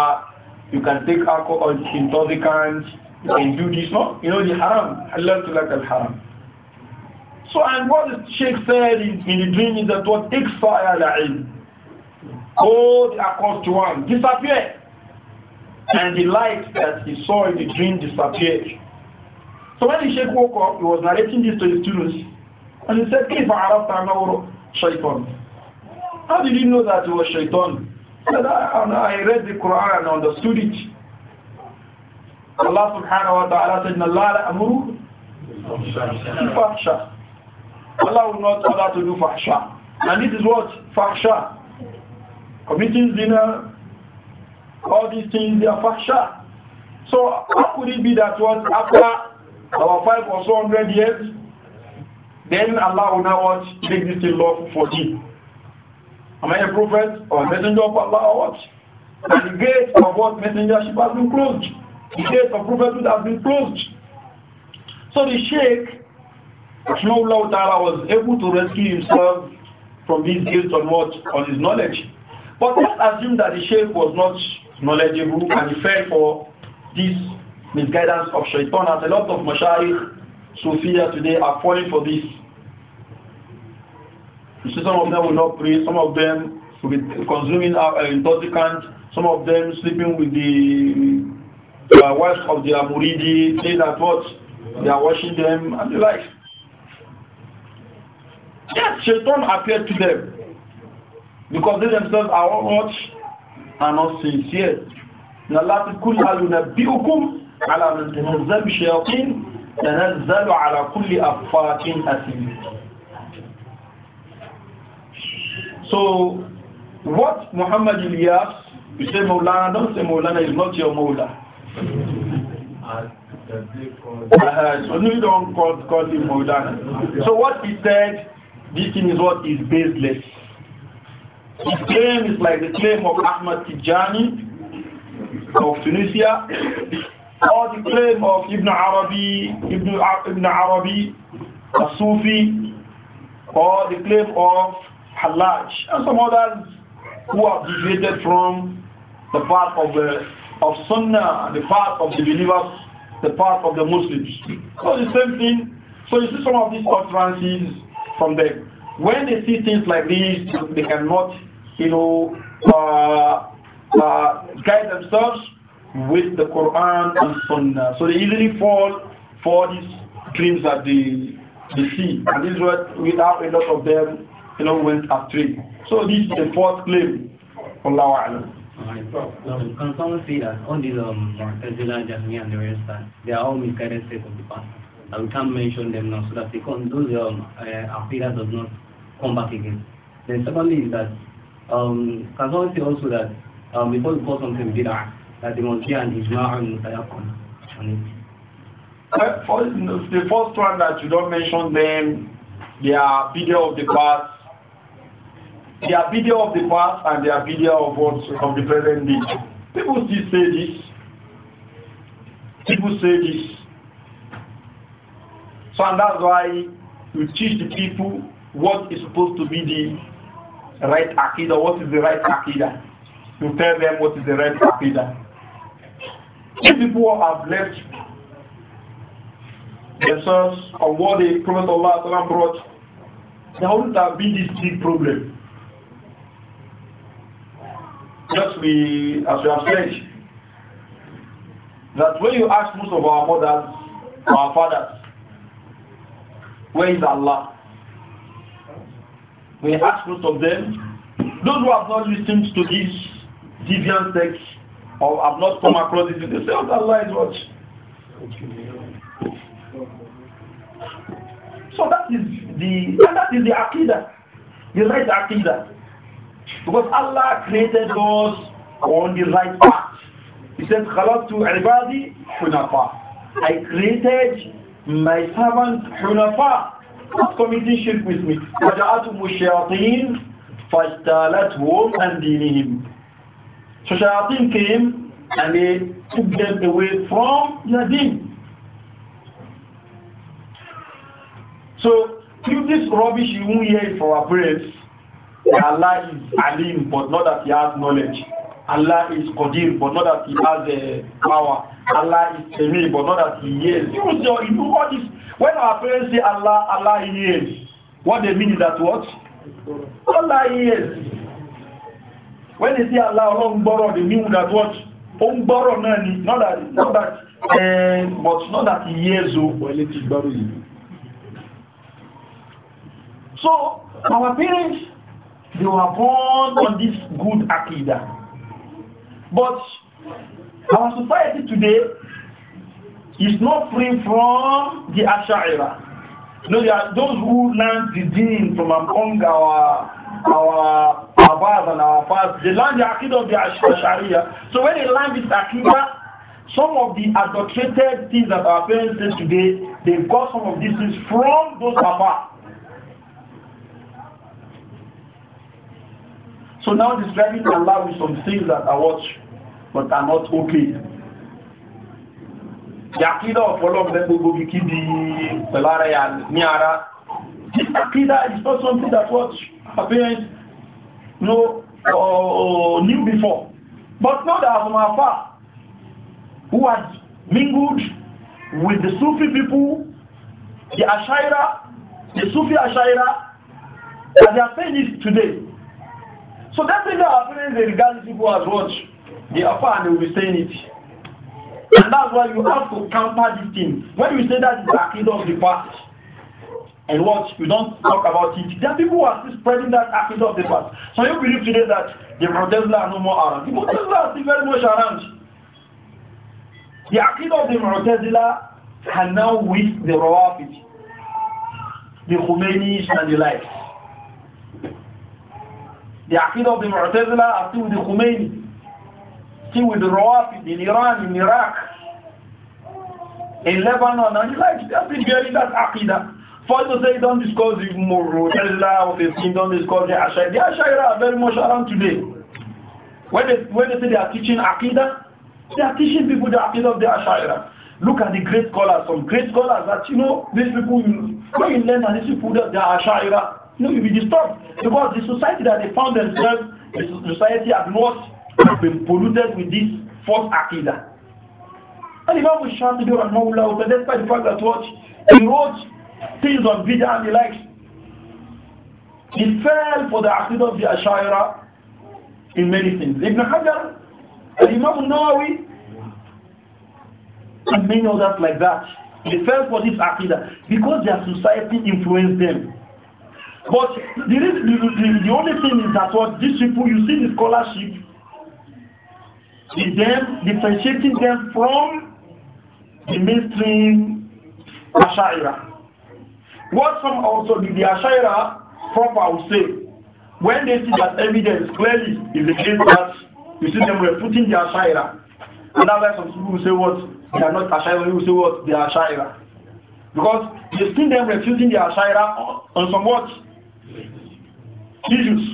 S1: you can take alcohol intoxicants, you can do this, no? You know the haram, halal to like the haram. So and what the Sheikh said in, the dream is that what Iqsa al all the accounts to one disappeared. And the light that he saw in the dream disappeared. So when the sheikh woke up, he was narrating this to his students. And he said, If Arafta now shaitan. How did you know that it was shaitan? He said, I, I read the Quran and understood it. Allah subhanahu wa ta'ala said, Allah amuru fahsha. Allah will not allow to do fahsha. And this is what? Fahsha. Committing dinner, all these things, they are fahsha. So how could it be that what after our five or so hundred years, then Allah will now watch, make this thing law for thee. Am I a prophet or a messenger of Allah or what? And the gate of what messengership has been closed. The gate of prophethood has been closed. So the Sheikh, Rahmahullah Ta'ala, was able to rescue himself from this gate on what? On his knowledge. But let's assume that the Sheikh was not knowledgeable and he fell for this misguidance of shaitan as a lot of mashaykh Sufiya today are falling for this. You see some of them will not pray, some of them will be consuming uh, uh, intoxicant. intoxicants, some of them sleeping with the uh, wives of their muridi, saying that what they are washing them and the like. Yes, shaitan appeared to them because they themselves are not much are not sincere. على تنزل الشياطين تنزل على كل أثيم So what Muhammad Ilyas, you say Maulana, don't say Maulana is not your Maula.
S2: Uh,
S1: uh-huh, so you don't call, call him Maulana. So what he said, this thing is what is baseless. His claim is like the claim of Ahmad Tijani of Tunisia all the claim of Ibn Arabi, Ibn, Ibn Arabi, a Sufi, or the claim of Halaj, and some others who have deviated from the path of the of Sunnah, the path of the believers, the path of the Muslims. So the same thing. So you see some of these utterances from them. When they see things like these, they cannot, you know, uh, uh, guide themselves with the Quran and Sunnah. So they easily fall for these dreams that they, they see. And this is what without a lot of them you know, went astray. So this is the fourth claim. Allah Alright. Right. can
S3: someone say that all these um, Mu'tazila, me and the rest, that they are all misguided states of the past? And we can't mention them now so that they can, those um, uh, does not come back again. Then secondly is that, um, can someone say also that um, before we call something, we did act
S1: that there must be an ijma on it. Uh, the first one that you don't mention them, they are video of the past. They are video of the past and they are video of what of the present day. People still say this. People say this. So and that's why we teach the people what is supposed to be the right akida, what is the right akida. To tell them what is the right akida. If people have left source of what the Prophet Allah brought, there wouldn't have been this big problem. Just we, as we have said, that when you ask most of our mothers, our fathers, where is Allah? When you ask most of them, those who have not listened to this deviant text, or I've not come across this, You say, oh, Allah is what? So that is the that is the akida, the right akida, Because Allah created us on the right path. He said, Khalaqtu ibadi hunafa. I created my servant hunafa, not committing shirk with me. وَجَعَتُمُ الشَّيَاطِينَ فَاجْتَالَتْهُمْ أَنْ دِينِهِمْ so Shayatin came and they took them away from their deen. So through this rubbish you won't hear from our parents. Allah is Alim, but not that he has knowledge. Allah is Qadir, but not that he has uh, power. Allah is Semi, but not that he hears. You know, you know this. When our parents say Allah, Allah hears, what they mean is that what? Allah hears. When they say Allah alone borrow, they mean that what? Own borrow nani, not that, not that, uh, but not that years old you. it is borrow So, our parents, they were born on this good akida. But our society today is not free from the Asha'ira. You know, those who learn the deen from among our, our our bars and our fast. They learn the akida of the Sharia. So when they learn this akida, some of the adulterated things that our parents say today, they got some of these things from those Abba. So now describing Allah with some things that I watch, but are not okay. The Aqidah of all of them will be Kidi, and Niara. This akida is not something that what our parents no, uh, knew before. But now that are some who had mingled with the Sufi people, the Ashaira, the Sufi Ashaira, and they are saying this today. So that thing that happens, they regard people as watch they are and they will be saying it. And that's why you have to counter this thing. When you say that it's the of the past, and what you don't talk about it. There are people who are still spreading that after of the past. So you believe today that the Mu'tazila are no more around. The Mu'tazila are still very much around. The Aqidah of the Mu'tazila can now with the Rawafid, the Khomeinis and the likes. The Aqidah of the Mu'tazila are still with the Khomeini, still with the Rawafid in Iran, in Iraq, in Lebanon and the likes. They are still bearing that Aqidah. For to say don't discuss the Mu'tazila or the skin, don't discuss the Ashari. The Ashari are very much around today. When they, when they say they are teaching akida, they are teaching people the Akida of the Ashari. Look at the great scholars, some great scholars that, you know, these people, when you learn and these people, they are Ashari, you know, you'll be disturbed because the society that they found themselves, the society at lost, has been polluted with this false akida. And Imam Shafi, despite the fact that what he wrote things of bid'ah and the likes. He fell for the aqidah of the Ashaira in many things. Ibn Hajar, and Imam Nawawi, and many others like that. They fell for this aqidah because their society influenced them. But the, reason, the, the, the, only thing is that what these people, you see the scholarship, is them differentiating them from the mainstream Ashaira. What some also did, the Ashaira proper will say, when they see that evidence clearly is against that, you see them refuting the Ashaira. And that's some people will say what? They are not Ashaira, they will say what? They are Ashaira. Because you see them refuting the Ashaira on some what? Issues.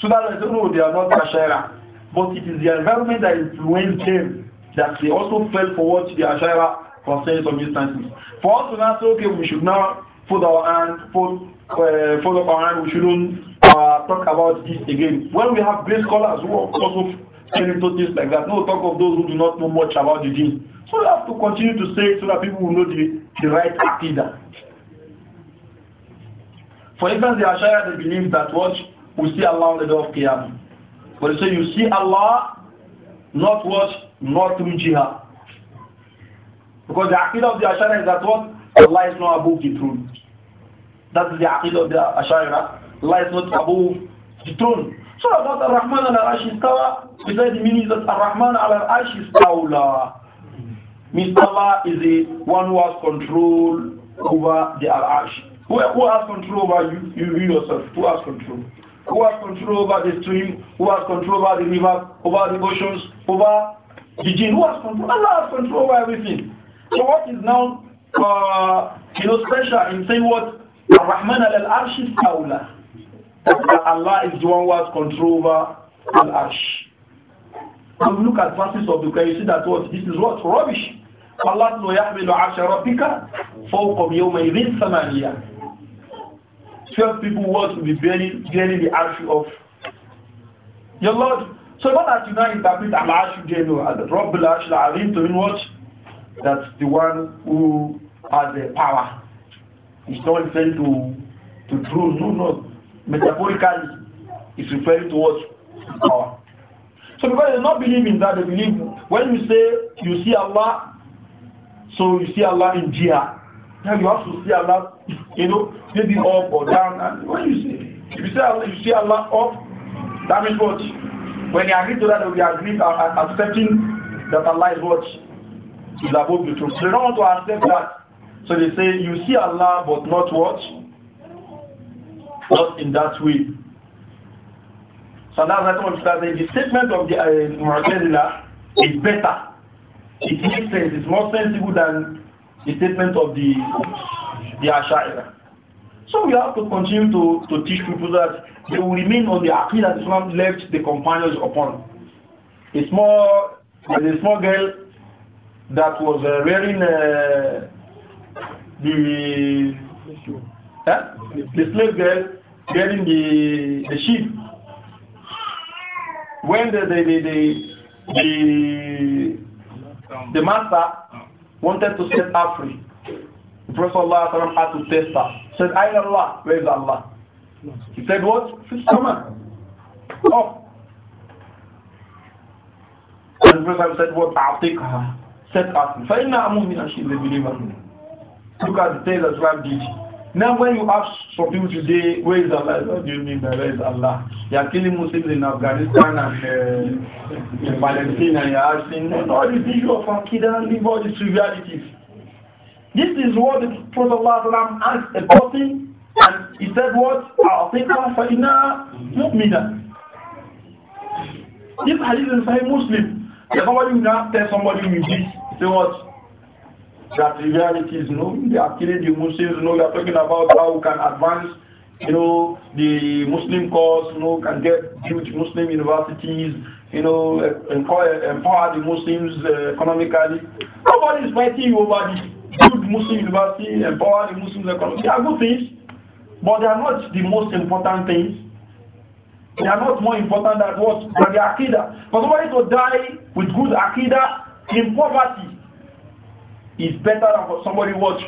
S1: So that they say, no, they are not Ashaira. But it is the environment that influenced them that they also fell for what the Ashaira was some instances. For us to now say, okay, we should now for the hand, fold, uh, We shouldn't uh, talk about this again. When we have great scholars who are also telling things like that, no talk of those who do not know much about the deen. So we have to continue to say it so that people will know the, the right aqidah. For instance, the Ashaya, they believe that what we see Allah on the day of Qiyamah. But they say you see Allah, not what, not through jihad. Because the aqidah of the Ashara is that what? Allah is not above the throne. That's the aqidah of the Ashaira. Allah is not above the throne. So about Ar-Rahman al-Arsh istawa, we said it means that Ar-Rahman al-Arsh istawla. Mistala is the one who has control over the Al-Arsh. Who, who has control over you, you, you yourself? Who has control? Who has control over the stream? Who has control over the river? Over the oceans? Over the jinn? Who has control? Allah has control over everything. So what is now, uh, you know, special in saying what Ar-Rahman al-Arsh is that Allah is the one who has control over al-Arsh. When we look at verses of the Quran, you see that what this is what rubbish. Allah no yahmilu arsha rabbika fawqa yawmaydhin thamaniya. Twelve people want to be bearing, bearing the arsh of your Lord. So what that you now interpret al-arsh you know, Rabbul arsh al-azim to mean what? That's the one who has the power. It's not referring to, to true, No, no. Metaphorically, it's referring to what? Power. So because they not believe in that, they believe when you say you see Allah, so you see Allah in jia. Now you have to see Allah, you know, maybe up or down. And when you see, if you see Allah, you see Allah up, that means what? When you agree to that, we agree uh, uh accepting that Allah is what is above the truth. They don't want to accept that. So they say, you see Allah, but not what? Not in that way. So now that's what Islam says. The statement of the uh, is better. It makes sense. It's more sensible than the statement of the the Ash'ari. So we have to continue to, to teach people that they will remain on the aqid that Islam left the companions upon. It's more, a small girl that was uh, wearing uh, the eh? the slave girl getting the the sheep. When the the the the, the, master wanted to set her free, the Prophet Allah had to test her. Said, "I Allah, where is Allah?" He said, "What? Come on, oh. And the Prophet said, "What? I'll take her, set her free." فإن أمومنا شيء the believer. Look at the things that Islam did. Now, when you ask some people today, where is Allah? What do you mean by where is Allah? They are killing Muslims in Afghanistan and uh, in Palestine, and you are asking all these issues of Akida, leave all these trivialities. This is what the Prophet Allah asked a person, and he said, What? I'll A'atika fa'ina mu'mina. This hadith is Sahih Muslim. If somebody will now tell somebody with this, say what? that reality is known. They are killing the Muslims. You know, are talking about how we can advance, you know, the Muslim cause, you know, can get huge Muslim universities, you know, empower, empower the Muslims uh, economically. Nobody is fighting over the good Muslim university, empower the Muslims economically. They are good things, but they are not the most important things. They are not more important than what than the Akida. But somebody to die with good Akida in poverty is better than for somebody what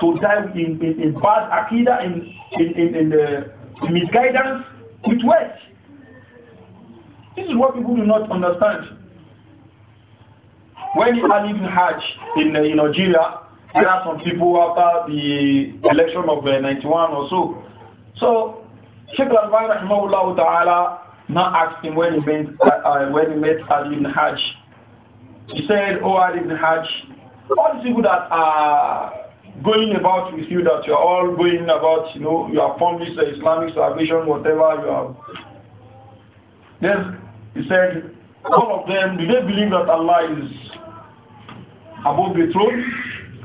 S1: to die in, in, in bad akida in in, in, in the uh, misguidance with wealth. This is what people do not understand. When are living Hajj in, uh, in Nigeria, there are some people after the election of uh, 91 or so. So Sheikh Al-Bani Rahimahullah Ta'ala now asked him when he met, uh, uh, when he met Ali ibn Hajj. He said, Oh Ali ibn Hajj, all the people that are going about with you, that you're all going about, you know, you have formed this uh, Islamic salvation, whatever you have. Yes, he said, all of them, do they believe that Allah is above the throne?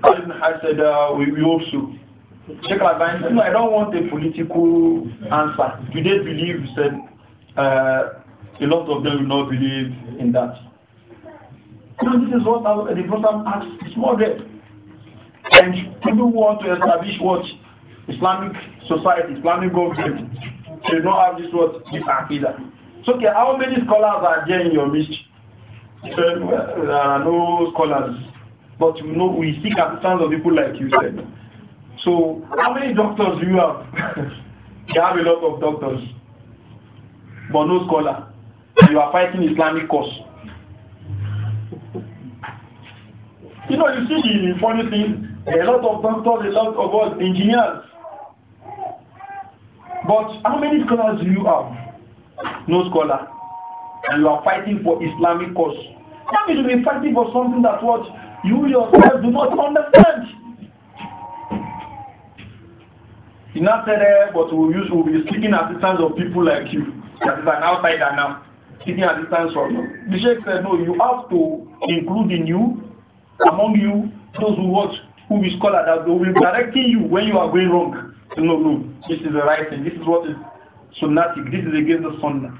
S1: I said, uh, we, we hope so. Sheikh said, no, I don't want a political answer. Do they believe? He said, uh, a lot of them will not believe in that. Now this is what the Prophet asked. It's more And people want to establish what Islamic society, Islamic government. They don't have this what this Aqidah. So okay, how many scholars are there in your midst? there are no scholars. But you know we seek thousands of people like you said. So how many doctors do you have? you (laughs) have a lot of doctors. But no scholar. You are fighting Islamic cause. You know, you see the funny thing, a lot of doctors, a lot of us, engineers. But how many scholars do you have? No scholar. And you are fighting for Islamic cause. That means you are be fighting for something that what you yourself do not understand. You not said there, but we'll use we'll be seeking of people like you. That is an outsider now. Seeking assistance from you. The Sheikh said, No, you have to include in you among you those who watch, who will scholar that they will be directing you when you are going wrong. No, no, this is the right thing. This is what is sunnatic. This is against the sunnah.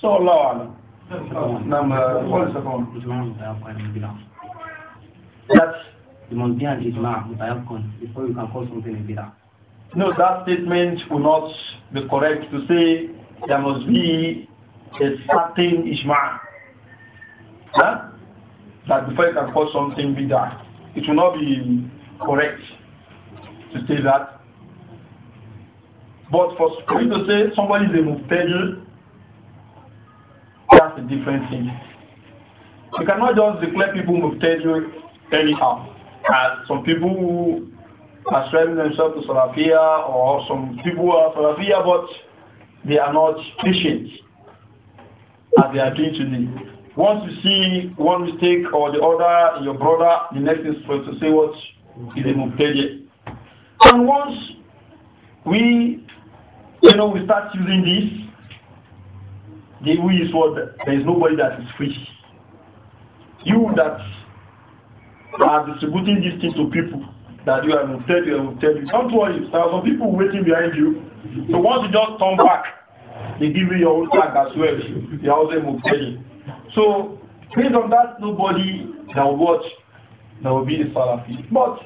S1: So Allah Allah. Uh, now, the
S3: problem?
S1: That must be an ijma before you can call something a bidah. No, that statement will not be correct to say there must be a certain ijma. Huh? that before you can call something bigger, it will not be correct to say that. But for you to say somebody is a mubtadi, that's a different thing. You cannot just declare people mubtadi anyhow. As some people who ascribe themselves to Salafia or some people who are Salafia but they are not patient as they are doing today. Once you see one mistake or the other in your brother, the next is for to say what is a mubtadi. And once we, you know, we start using this, the we is what there is nobody that is free. You that are distributing this thing to people that you are mubtadi, you are mubtadi. Don't worry, there are some people waiting behind you. So once you just turn back, they give you your own tag as well. You are also mubtadi. So based on that, nobody that will watch that will be the Salafi. But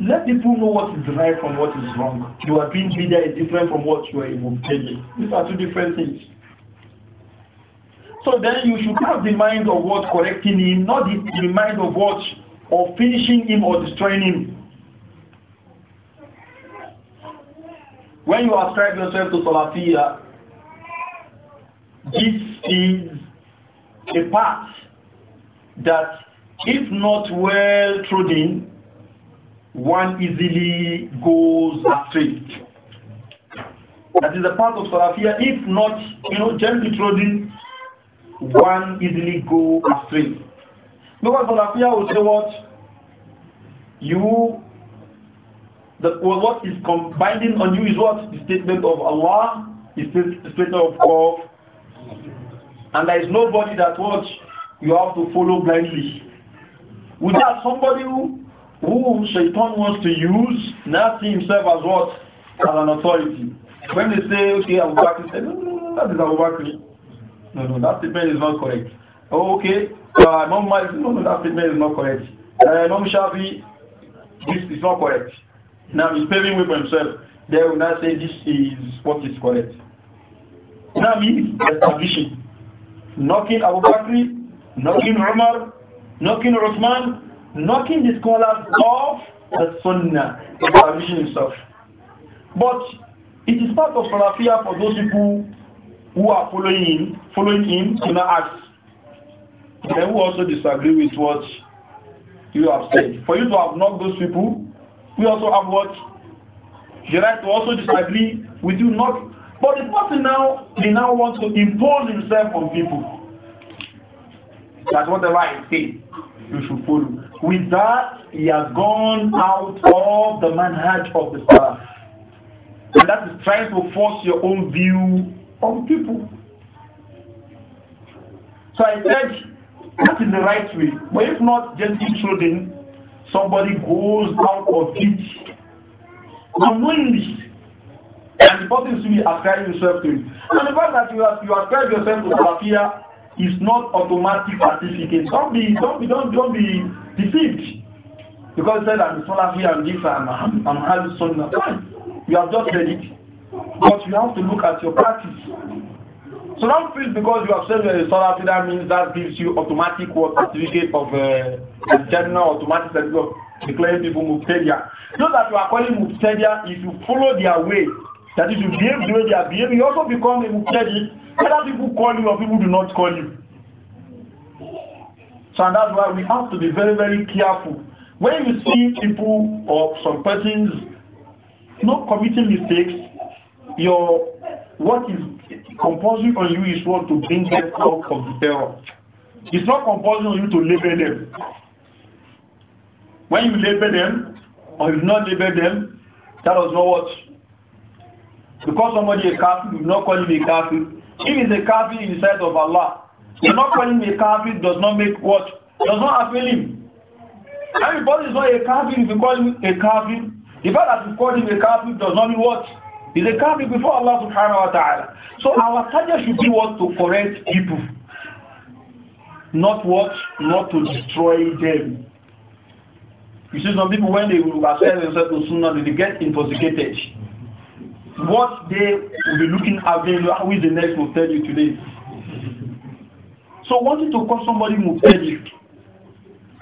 S1: let people know what is right from what is wrong. You are doing media is different from what you are invoking. These are two different things. So then you should have the mind of what correcting him, not the, the mind of what or finishing him or destroying him. When you ascribe yourself to Salafiyah, this is a path that, if not well trodden, one easily goes astray. That is a path of Salafia. If not, you know, gently trodden, one easily goes astray. Because Salafia will say what? You, the, what is binding on you is what? The statement of Allah, the statement of, of and there is nobody that watch you have to follow blindly. Without somebody who, who Shaitan wants to use, now see himself as what? As an authority. When they say, okay, Abu Bakr, say, no, no, no, that is Abu Bakr. No, no, that statement is not correct. Oh, okay, uh, Imam my no, no, that statement is not correct. Uh, no, Shabi, this is not correct. Now he's paving with himself. They will not say this is what is correct. That means establishing. Knocking Abu Bakr, knocking Umar, knocking Uthman, knocking the scholars of the Sunnah, establishing himself. But it is part of Salafiyah for those people who are following him, following him to not ask. They who also disagree with what you have said. For you to have knocked those people, we also have what? The right to also disagree with you, not but the person now, he now wants to impose himself on people. That's whatever I say, you should follow. With that, he has gone out of the manhaj of the staff. And that is trying to force your own view on people. So I said, that is the right way. But if not, just intruding, somebody goes out of it unknowingly. And the person should be ascribing himself to it. And the fact that you, have, you ascribe yourself to Salafia is not automatic certificate. Don't be, don't be, don't, don't be deceived. Because said I'm son and this, I'm, I'm, I'm Ahlul Sunnah. Fine. You have just said it. But you have to look at your practice. So don't feel because you have said you're uh, a that means that gives you automatic what certificate of uh, a general automatic certificate of declaring people Muqtadiya. Those that you are calling Muqtadiya, if you follow their way, that is, you behave the way they are behaving, you also become a mukhtadi. Whether people call you or people do not call you. So and that's why we have to be very, very careful. When you see people or some persons not committing mistakes, your what is compulsory on you is what to bring them out of the terror. It's not compulsory on you to label them. When you label them or you not label them, that was not what you call somebody a kafir, you not calling him a kafir. If is a kafir in the sight of Allah, you're not calling him a kafir does not make what? Does not appeal him. Everybody is not a kafir if you call him a kafir. The fact that you call him a kafir does not mean what? He's a kafir before Allah subhanahu wa ta'ala. So our target should be what? To correct people. Not what? Not to destroy them. You see, some people, when they will accept themselves to Sunnah, they get intoxicated what they will be looking at them, how is the next will tell you today. So wanting to call somebody Mubtadi,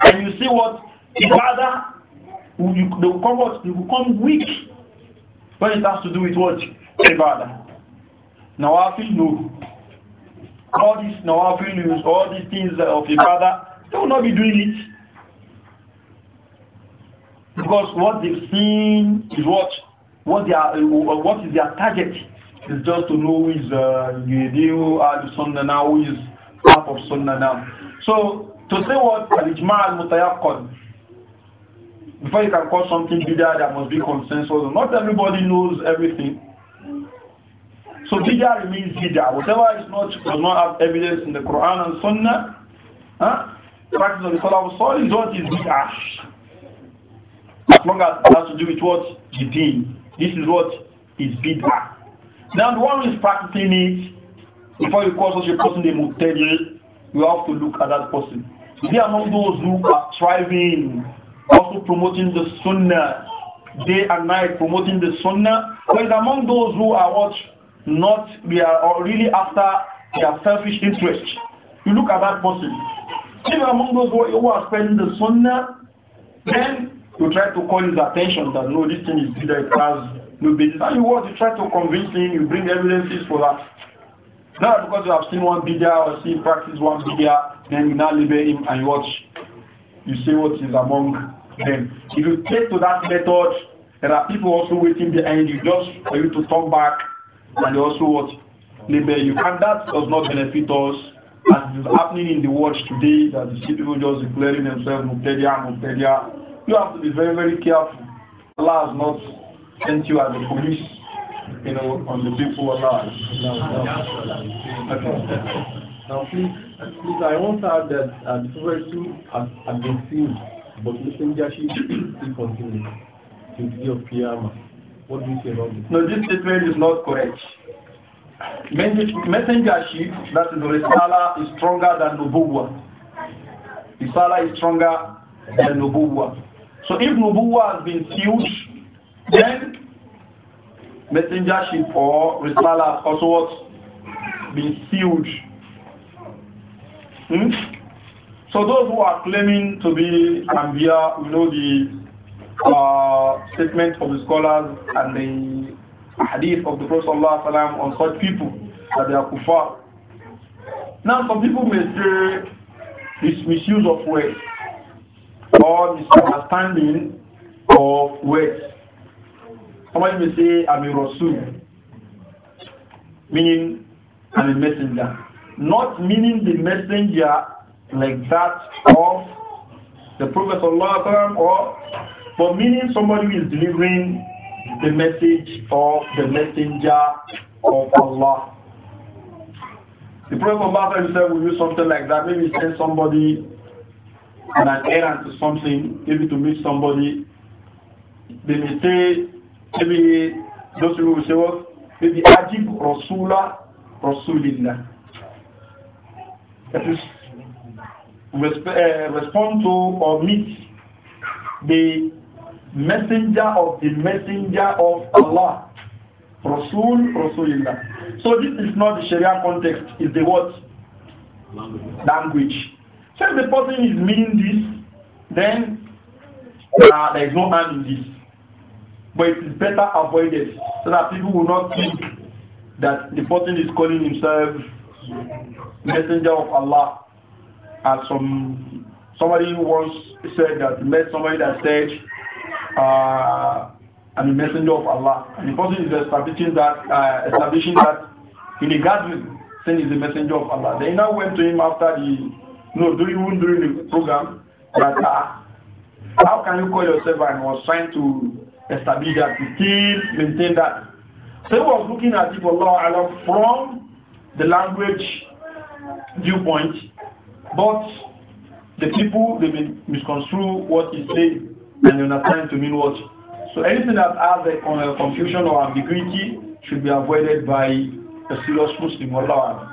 S1: and you see what Ibadah, you, they will come what? They will come weak when it has to do with what? Ibadah. Now I feel no. All these now I feel news, all these things of father they will not be doing it. Because what they've seen is what? what, they are, uh, what is their target is just to know who is uh, Yudiu the Sunnah now, who is part of Sunnah now. So to say what al Ijma al Mutayaqqad, before you can call something bid'ah, there must be consensus. Not everybody knows everything. So bid'ah remains bid'ah. Whatever is not does not have evidence in the Quran and Sunnah, huh? practice of the of soil is what is bid'ah. As long as it has to do with what? The deen. This is what is bid'ah. Now, the one who is practicing it, before you call such a person will tell you have to look at that person. They are not those who are striving, also promoting the sunnah, day and night promoting the sunnah, but it's among those who are what not they are really after their selfish interest. You look at that person. If among those who are spending the sunnah, then you try to call his attention that no, this thing is bigger, it has no basis. And you want to try to convince him, you bring evidences for that. Not because you have seen one video or seen practice one video, then you now label him and you watch. You see what is among them. If you take to that method, there are people also waiting behind you just for you to come back and they also what label you. And that does not benefit us as is happening in the world today that you see people just declaring themselves Muqtadiya, Muqtadiya, you have to be very, very careful. Allah has not sent you as a police, you know, on the people Allah. (laughs) Now, please, please, I want to add that uh, the Prophet two has, has been sealed, but messengership still continues to the of What do you say about this? No, this statement is not correct. Messengership, that is the Risala, is stronger than Nubuwa. Risala is stronger than Nubuwa. So if Nubuwa has been sealed, then messengership or Risala has also what? Been sealed. Hmm? So those who are claiming to be Anbiya, we know the uh, statement of the scholars and the hadith of the Prophet ﷺ on such people that they are kufar. Now some people may say this misuse of words or misunderstanding of words. Somebody may say, I'm a Rasul, meaning I'm a messenger. Not meaning the messenger like that of the Prophet or but meaning somebody who is delivering the message of the messenger of Allah. The Prophet himself will use something like that. Maybe send somebody on an errand to something, maybe to meet somebody, they may say, maybe those people will say, well, maybe Ajib Rasula Rasulillah. That is, resp uh, respond to or meet the messenger of the messenger of Allah. Rasul, Rasulillah. So this is not the Sharia context, it's the what? Language. Language. Since the person is meaning this, then uh, there is no harm in this. But it is better avoided so that people will not think that the person is calling himself messenger of Allah as some somebody once said that met somebody that said uh, I'm a messenger of Allah and the person is establishing that uh, establishing that in the garden saying he's a messenger of Allah. They now went to him after the no, during, even during the program, that uh, how can you call yourself and was trying to establish that, to still maintain that? So he was looking at it, Allah from the language viewpoint, but the people, they misconstrue what he said and they understand to mean what. So anything that has a, confusion or ambiguity should be avoided by a serious Muslim. Allah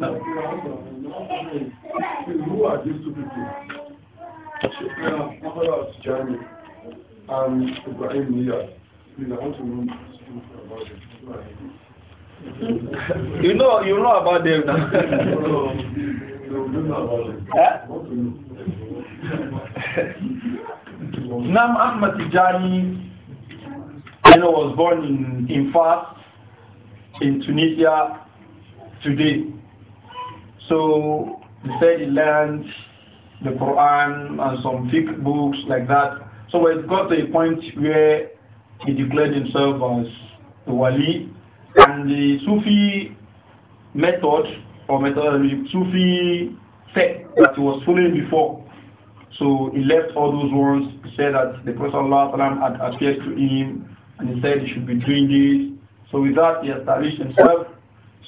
S2: No. Who are these two people? is Jami and Ibrahim Nia. Please, I want to know about
S1: them. you know, you know about them now. (laughs) no, no, no, no, Nam eh? Ahmad Tijani you know, was born in, in Fas, in Tunisia, today. So he said he learned the Quran and some thick books like that. So it got to a point where he declared himself as the Wali. And the Sufi method or methodology, Sufi sect that he was following before. So he left all those ones. He said that the Prophet ﷺ had appeared to him and he said he should be doing this. So with that, he established himself.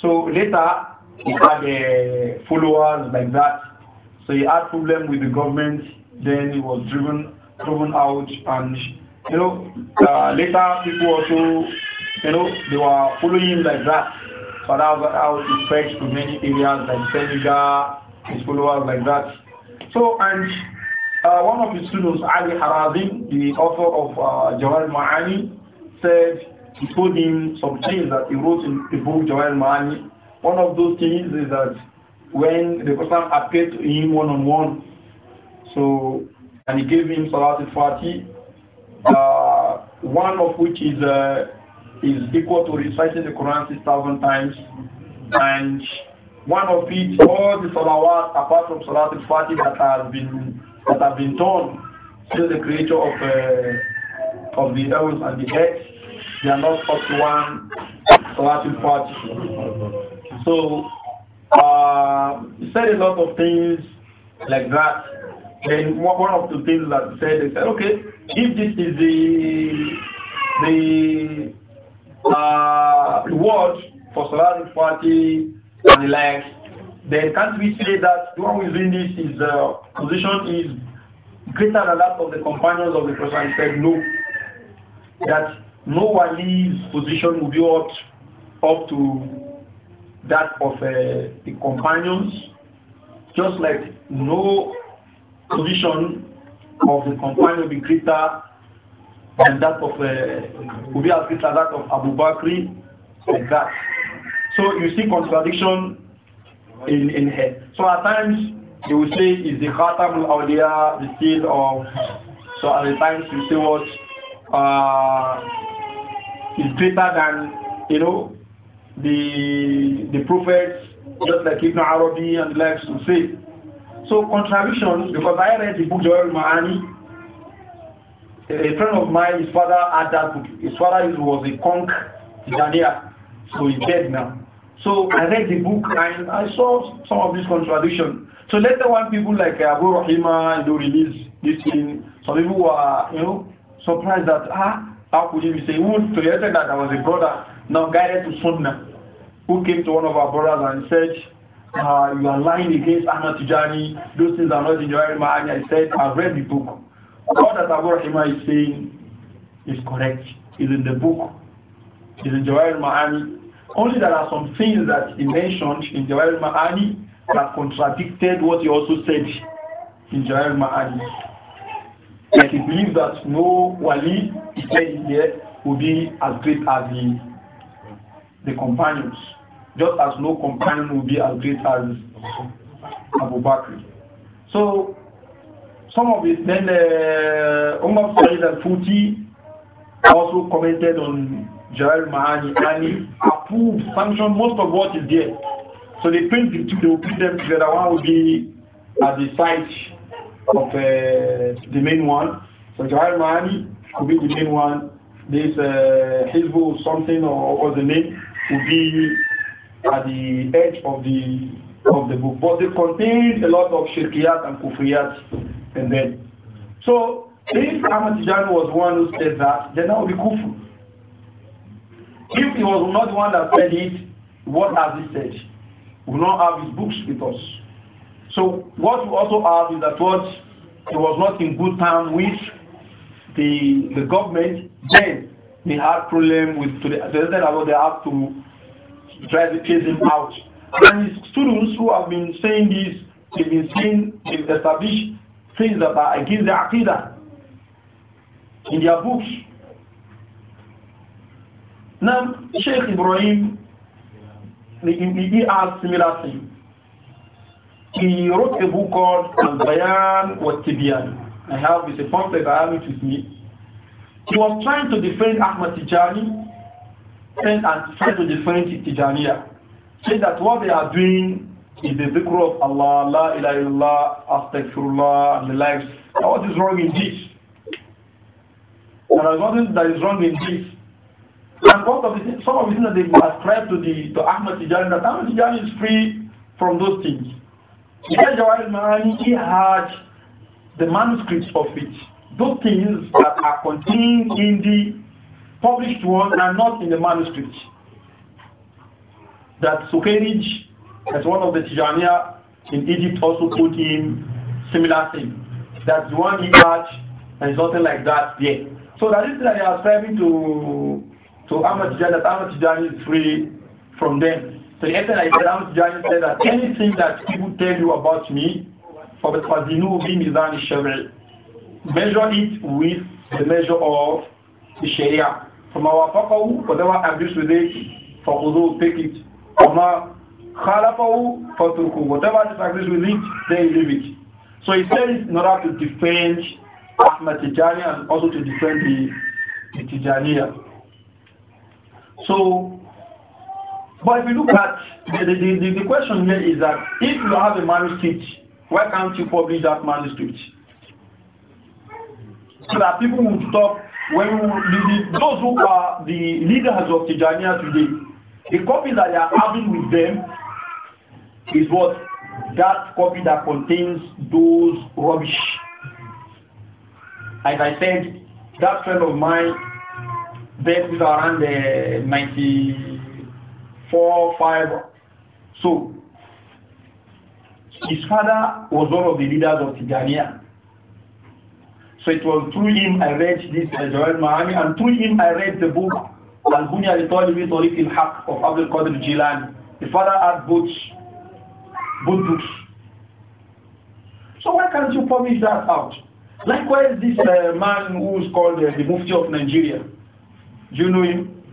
S1: So later, he had uh, followers like that. So he had problem with the government. Then he was driven driven out, and you know uh, later people also you know they were following him like that. So that was how he spread to many areas like Senegal, his followers like that. So and uh, one of his students, Ali Harazim, the author of uh, Jawahir Ma'ani, said he told him some things that he wrote in the book Jawahir Ma'ani one of those things is that when the person appeared to him one on one, so and he gave him Salat al fati uh, one of which is uh, is equal to reciting the Quran six thousand times, and one of it all the salawat apart from Salat al fati that has been that have been done to the Creator of uh, of the heavens and the earth, they are not up one Salat al fati so, uh, he said a lot of things like that. And one of the things that said, they said, okay, if this is the the uh, reward for Salah party and the likes, then can't we say that the one who is in this, is uh, position is greater than that of the companions of the Prophet? He said, no. That no wali's position will be up, up to that of uh, the companions, just like no position of the companion will be greater than that of uh, will be as greater that of Abu Bakr, like that. So you see contradiction in in her. So at times you will say is the Khatam al Awliya the seal of so at the times you say what uh, is greater than you know the, the prophets, just like Ibn Arabi and the likes to say. So contradictions, because I read the book Joel Mahani, a friend of mine, his father had that book. His father was a conk Tijaniya, so he's dead now. So I read the book and I saw some of this contradiction. So later on, people like Abu Rahima, do release this thing. Some people were, you know, surprised that, ah, how could you be saying, who created that? I was a brother, now guided to Sunnah who came to one of our brothers and said, uh, you are lying against Ahmad Tijani, those things are not in your Ma'ani. I said, I've read the book. All that Abu is saying is correct, is in the book, is in Jawahir Mahani. Only there are some things that he mentioned in Jawahir Mahani that contradicted what he also said in Jawahir Mahani. Like he believed that no wali, he said here, would be as great as the, the companions just as no companion will be as great as Abu Bakr. So some of it, then uh, Umar Said al-Futi also commented on Jair Mahani and he approved, sanctioned most of what is there. So they print the two, they will put them together. One will be at the site of uh, the main one. So Jair Mahani will be the main one. This uh, Hizbul something or, or the name will be at the edge of the of the book, but it contains a lot of shirkiyat and kufriyat and then. So if Ahmad Tijani was one who said that, then that would be kufr. If he was not the one that said it, what has he said? We don't have his books with us. So what we also have is that what he was not in good terms with the the government. Then they had problem with to to the extent that they have to drive the chasing out. And his students who have been saying this, they've been saying, they've established things that are against the Aqidah in their books. Now, Sheikh Ibrahim, he asked similar thing. He wrote a book called Al-Bayan wa Tibian. I have this a pamphlet I have it with me. He was trying to defend Ahmad Tijani and try to defend Tijaniya. Say that what they are doing is the dhikr of Allah, La ilaha illallah, astaghfirullah, and the likes. What is wrong in this? There is nothing that is wrong in this. And what of the, some of the things that they ascribe to the to Ahmad Tijani, that Ahmad Tijani is free from those things. Because Jawahir Mahani, he had the manuscripts of it. Those things that are contained in the published ones are not in the manuscript. That Sukherij, as one of the Tijaniya in Egypt, also put in similar thing. That the one he had and something like that there. Yeah. So that is that they are ascribing to to Ahmad Tijani that Ahmad Tijani is free from them. So the extent I said Ahmad Tijani said that anything that people tell you about me, for the Fazinu bi Mizan Measure it with the measure of the Sharia. فَمَوَافَقَهُ Whatever agrees with it, فَخُذُوهُ Take it. وَمَا خَالَفَهُ فَتُرْكُهُ Whatever disagrees with they then leave it. So he says not order to defend Ahmad Tijani and also to defend the, the Tijaniya. So, but if you look at the, the, the, the question here is that if you have a manuscript, why can't you publish that manuscript? So that people will stop when the, those who are the leaders of Tijania today, the copy that they are having with them is what that copy that contains those rubbish. As I said, that friend of mine, that is around the 94, 5. So, his father was one of the leaders of Tijania. So it was through him I read this uh, Jawahir Ma'ani and through him I read the book Al-Bunya li Talibi Tariq al-Haq of Abdul Qadir Jilan, The father had both, both books. So why can't you publish that out? Likewise, this uh, man who is called uh, the Mufti of Nigeria. Do you know him?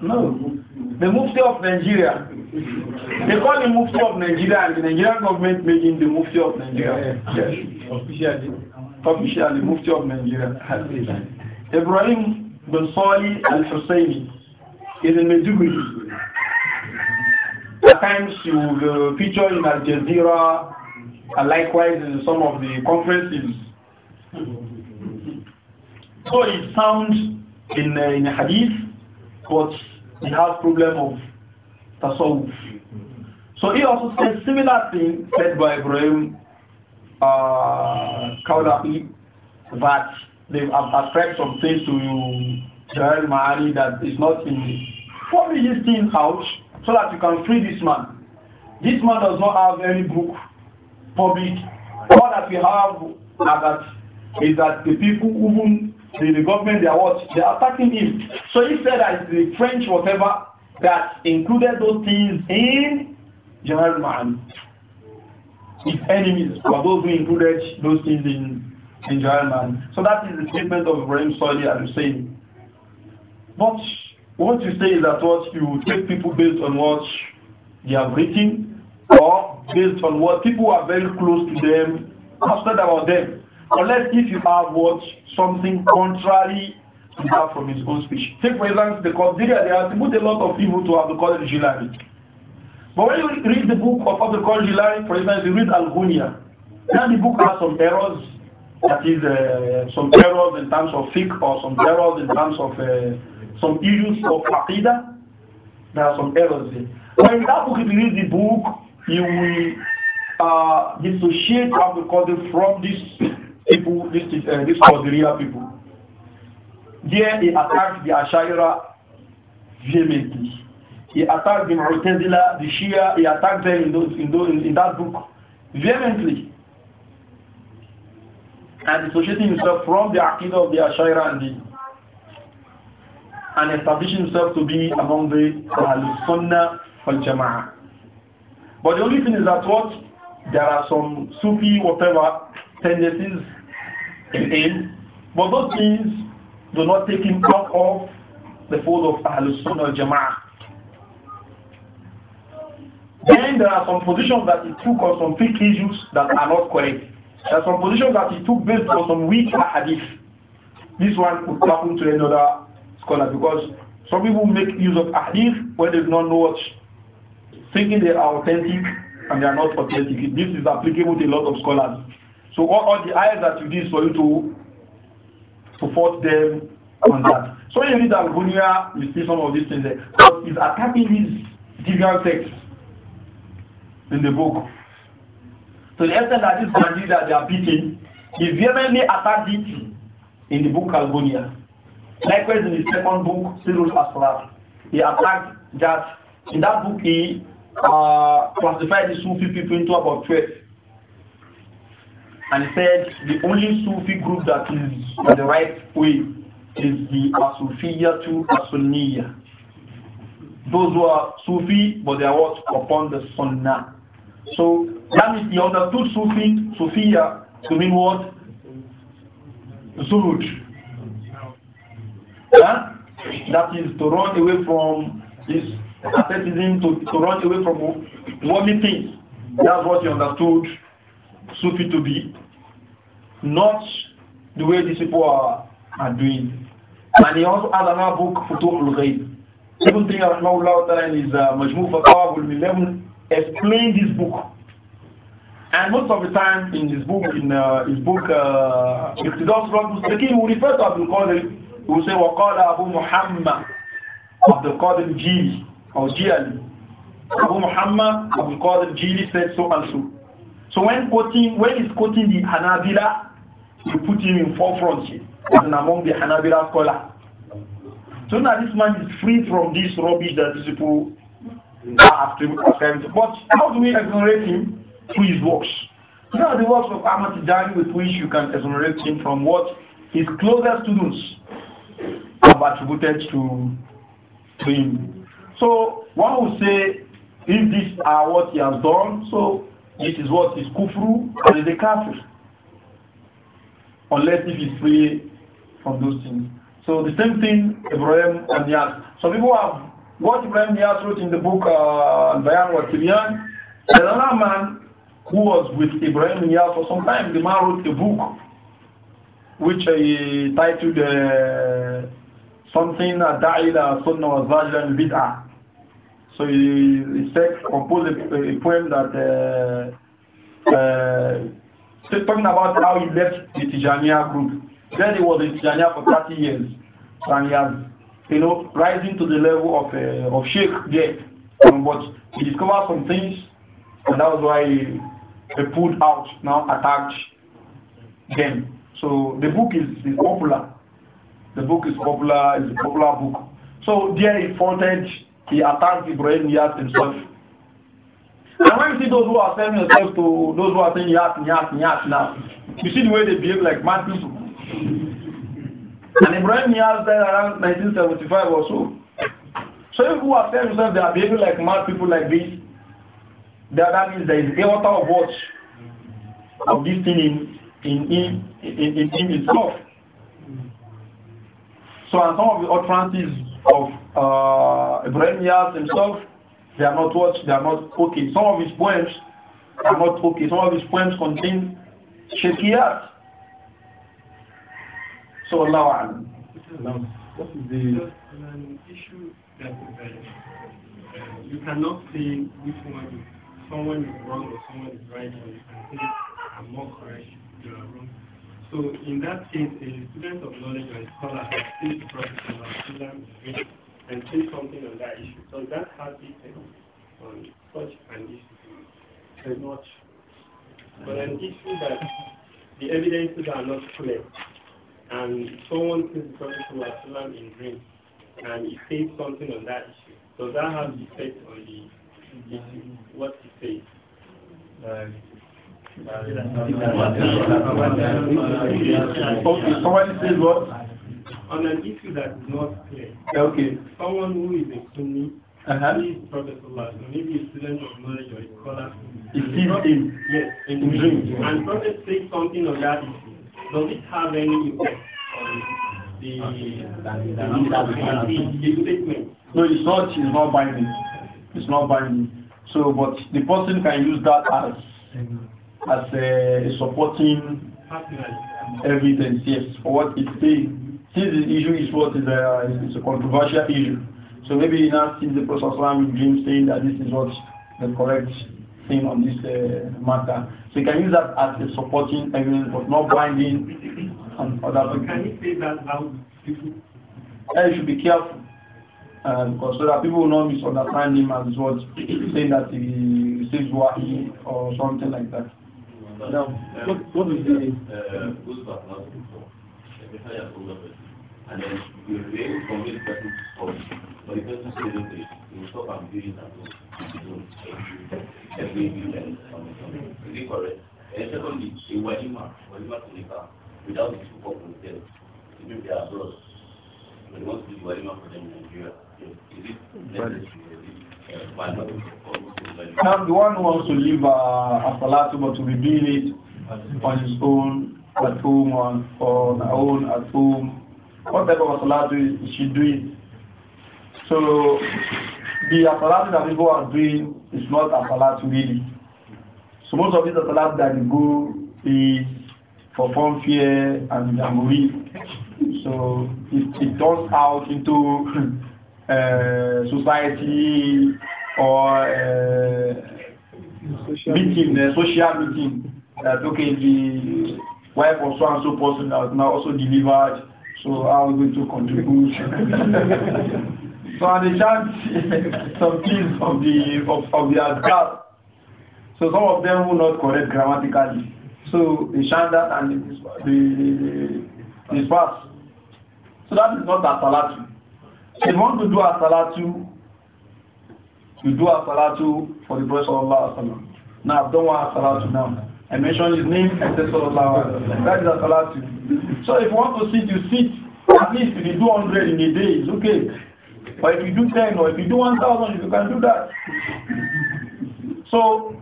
S1: No. The Mufti of Nigeria.
S2: They call
S1: the Mufti of Nigeria and the Nigerian government making the Mufti of Nigeria. Yes. Officially. Officially, Mufti of Nigeria. Ibrahim bin Salih al-Husseini is in Medjugorje. At times you will feature in Al Jazeera and likewise in some of the conferences. So it sounds in, uh, in hadith, but it has problem of tasawwuf. So he also said similar thing said by Ibrahim uh, that they have ascribed some things to Jahel Mahari that is not in this. Probably this thing out so that you can free this man. This man does not have any book public. All that we have that is that the people who the, the government they are what they are attacking him. So he said that the French whatever that included those things in German. His enemies were those who included those things in, in So that is the statement of Ibrahim Sali and say. But what you say is that what you take people based on what they have written or based on what people are very close to them have said about them. Unless if you have what something contrary that from his own speech. Take for instance the Qadiriyah, they put a lot of evil to have Abdul Qadir Jilani. But when you read the book of Abdul the Jilani, for instance, you read Al-Ghunya, then the book has some errors, that is, uh, some errors in terms of fiqh or some errors in terms of uh, some issues of aqidah. There are some errors there. But in that book, if you read the book, you will uh, dissociate Abdul Qadir from these people, these, uh, these Qadiriyah people. Here he attacked the Ashaira vehemently. He attacked the Mu'tazila, the Shia, he attacked them in, those, in, those, in that book vehemently. And dissociating himself from the Aqidah of the Ashaira and the and establishing himself to be among the al sunnah al jamaah But the only thing is that what there are some Sufi whatever tendencies in him, but those things do not take him out of the fold of Ahlul Sunnah Jama'ah. Then there are some positions that he took on some fake issues that are not correct. There are some positions that he took based on some weak hadith. This one would happen to another scholar because some people make use of hadith when they do not know what, thinking they are authentic and they are not authentic. This is applicable to a lot of scholars. So all, all the ayahs that you did is for you to to force them on that. So you read Algonia, you see some of these things there. But he's attacking these deviant sects in the book. So the extent that this bandit that they are beating, he vehemently attacked it in the book Algonia. Likewise in the second book, Cyril Asfalat, he attacked that. In that book, he uh, classified the Sufi people into about 12 and he said the only Sufi group that is on the right way is the Asufiya to Asunniya. Those who are Sufi, but they are what upon the Sunnah. So that means he understood Sufi, Sufiya to mean what? Zulud. Yeah? That is to run away from this asceticism, to, to run away from worldly things. That's what he understood Sufi to be, not the way these people are, are doing. And he also has another book, Futuh al-Ghayb. I know rahmahullah in his uh, Majmu Fatawa Volume 11 explain this book. And most of the time in his book, in uh, his book, uh, Iqtidar Surat Mustaqim, he will refer to Abdul Qadir. He will say, وَقَالَ أَبُو مُحَمَّدٍ Abdul Qadir Jili, or Jili. Abu Muhammad Abdul Qadir Jili said so and so. So when quoting, when he's quoting the Hanabila, you put him in forefront and among the Hanabila scholar. So now this man is free from this rubbish that these people to attributing. But how do we exonerate him? Through his works. These are the works of Ahmad Tijani with which you can exonerate him from what his closest students have attributed to, to him. So one would say, if these are what he has done, so this is what is kufru and is a kafir. Unless if he's free from those things. So the same thing Ibrahim and Niyaz. Some people have what Ibrahim Niyaz wrote in the book uh, Bayan wa Another man who was with Ibrahim Niyaz for some time, the man wrote a book which he titled uh, something uh, Da'ila Sunnah wa Zajla Bid'ah. So he, he said, composed a, poem that uh, uh, talking about how he left the Tijania group. Then he was in Tijania for 30 years, and he has, you know, rising to the level of uh, of sheikh Yet, Um, but he discovered some things, and that was why he, he pulled out, now attacked them. So the book is, is popular. The book is popular. It's a popular book. So there he faulted he attacked Ibrahim Niyas himself. And when you see those who are selling themselves to those who are saying Niyas, Niyas, Niyas now, you see the way they behave like mad people. And Ibrahim Niyas died around 1975 or so. So if who are selling themselves, they are behaving like mad people like this, that, means there is a lot of watch of this thing in, in, in, in, in, in itself. So and some of the utterances of uh, Ibrahim Yaz himself, they are not what? They are not okay. Some of his poems are not okay. Some of his poems contain shirkiyat. So Allah what is the
S2: issue that uh, you cannot see which one is someone is wrong or someone is right, or you can say I'm more correct, you are wrong. So in that case, a student of knowledge or a scholar has seen the Prophet and say something on that issue. So that has effect on such an issue. Not, But an issue that the evidences are not clear, and someone sees the Prophet in dreams, and he says something on that issue. So that has effect on the issue, what he says. Okay, somebody says what? On an issue that is not clear. Okay. Someone who is a Sunni uh-huh. He is Prophet Allah, maybe a student of knowledge or a scholar. It sees him. Yes, in dreams. And Prophet says something on that issue. Does it have any effect on the,
S1: statement? No, it's not, it's not binding. It's not binding. So, but the person can use that as as a supporting evidence, yes, for what it's saying. Since the issue is what is a, uh, it's a controversial issue. So maybe you now seen the Prophet in dream saying that this is what the correct thing on this uh, matter. So you can use that as a supporting evidence, but not binding on other people. Can you say that out? Yeah, you should be careful. Uh, because so that people will not misunderstand him as what saying that he says wahi or something like that. No. Um, what,
S2: what was the... Uh,
S3: and then you will to convince person to stop. But the person still doing you stop and do it and do it. Every weekend or something. Is it correct? And secondly, a walima, walima to Nika, without the two couples there, even if they are abroad, they want to do walima for them in Nigeria.
S1: Now, the one who wants to live uh, a palatu but to rebuild it on his own, at home, on, on her own, at home, what type of palatu is she doing? So, the palatu that people are doing is not a palatu really. So, most of these palatu that they go is for fun funfair and jamboree. So, it, it turns out into (laughs) Uh, society or uh, meeting, the uh, social meeting that okay the wife of so and so person has now also delivered, so how are we going to contribute? (laughs) so I they chant (laughs) some things of the of, of the adult. So some of them will not correct grammatically. So they chant that and the, the, the, the So that is not that salatu if you want to do a salatu, you do a salatu for the Prophet of Allah Now I've done one a salatu now. I mentioned his name and said Sallallahu Alaihi That is a salatu. So if you want to sit, you sit. At least if you do 100 in a day, it's okay. But if you do 10 or if you do 1,000, you can do that. So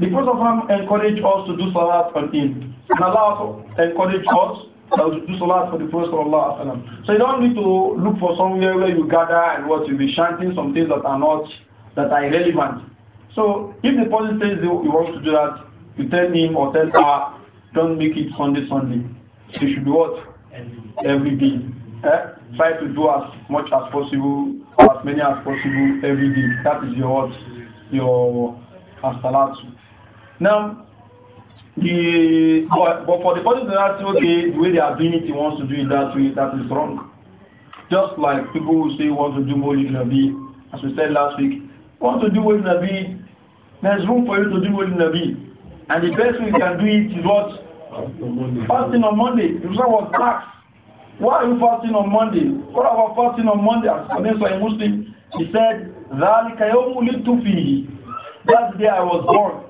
S1: the Prophet encouraged us to do salat on him. And Allah also encouraged us I do salat for the Prophet sallallahu So you don't need to look for somewhere where you gather and what you'll be chanting some things that are not that are irrelevant. So if the person says you want to do that, you tell him or tell her, don't make it Sunday Sunday. You should do what every day. Eh? Try to do as much as possible, as many as possible every day. That is your what your as salat. Now the but, but for the person that say okay the way they are doing it he wants to do it that way that is wrong just like people who say want to do more Molid Nabi as we said last week want to do the Nabi there's room for you to do Molid Nabi and the best way you can do it is what fasting on Monday if was asked why are you fasting on Monday what about fasting on Monday as a Muslim he said ذَلِكَ يَوْمُ that day I was born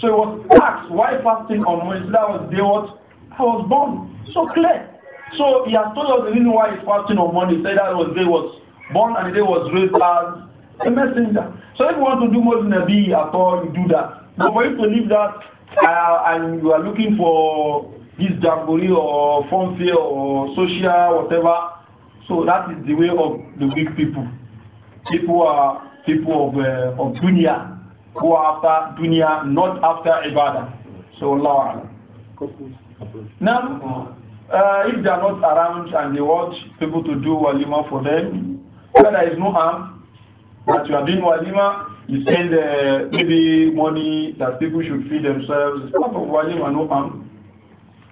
S1: so he was asked why fasting on Wednesday. That was day what? I was born. So clear. So he has told us the reason why he's fasting on Monday. He said that was day was born and the day was raised as a messenger. So if you want to do more than a bee at all, you do that. But for you to leave that uh, and you are looking for this jamboree or fun fair or social whatever, so that is the way of the weak people. People are people of uh, of dunya go after dunya, not after ibadah. So Allah. Now, uh, if they are not around and they want people to do walima for them, well, there is no harm that you are doing walima. You send uh, maybe money that people should feed themselves. It's part of walima, no harm.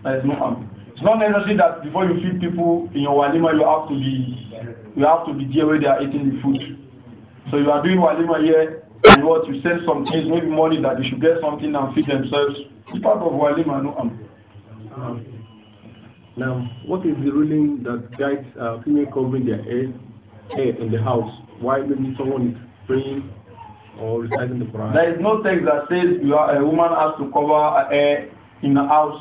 S1: There is no harm. It's not necessary that before you feed people in your walima, you have to
S2: be
S1: you have to be there where they are eating the food. So you are doing walima here and what you send some things, maybe money that they should get something and feed themselves. It's part of Walima no um. Now, what is the ruling that guides uh, female covering their hair, hair in the house? Why maybe someone is praying or reciting the Quran? There is no text that says you are, a woman has to cover her hair in the house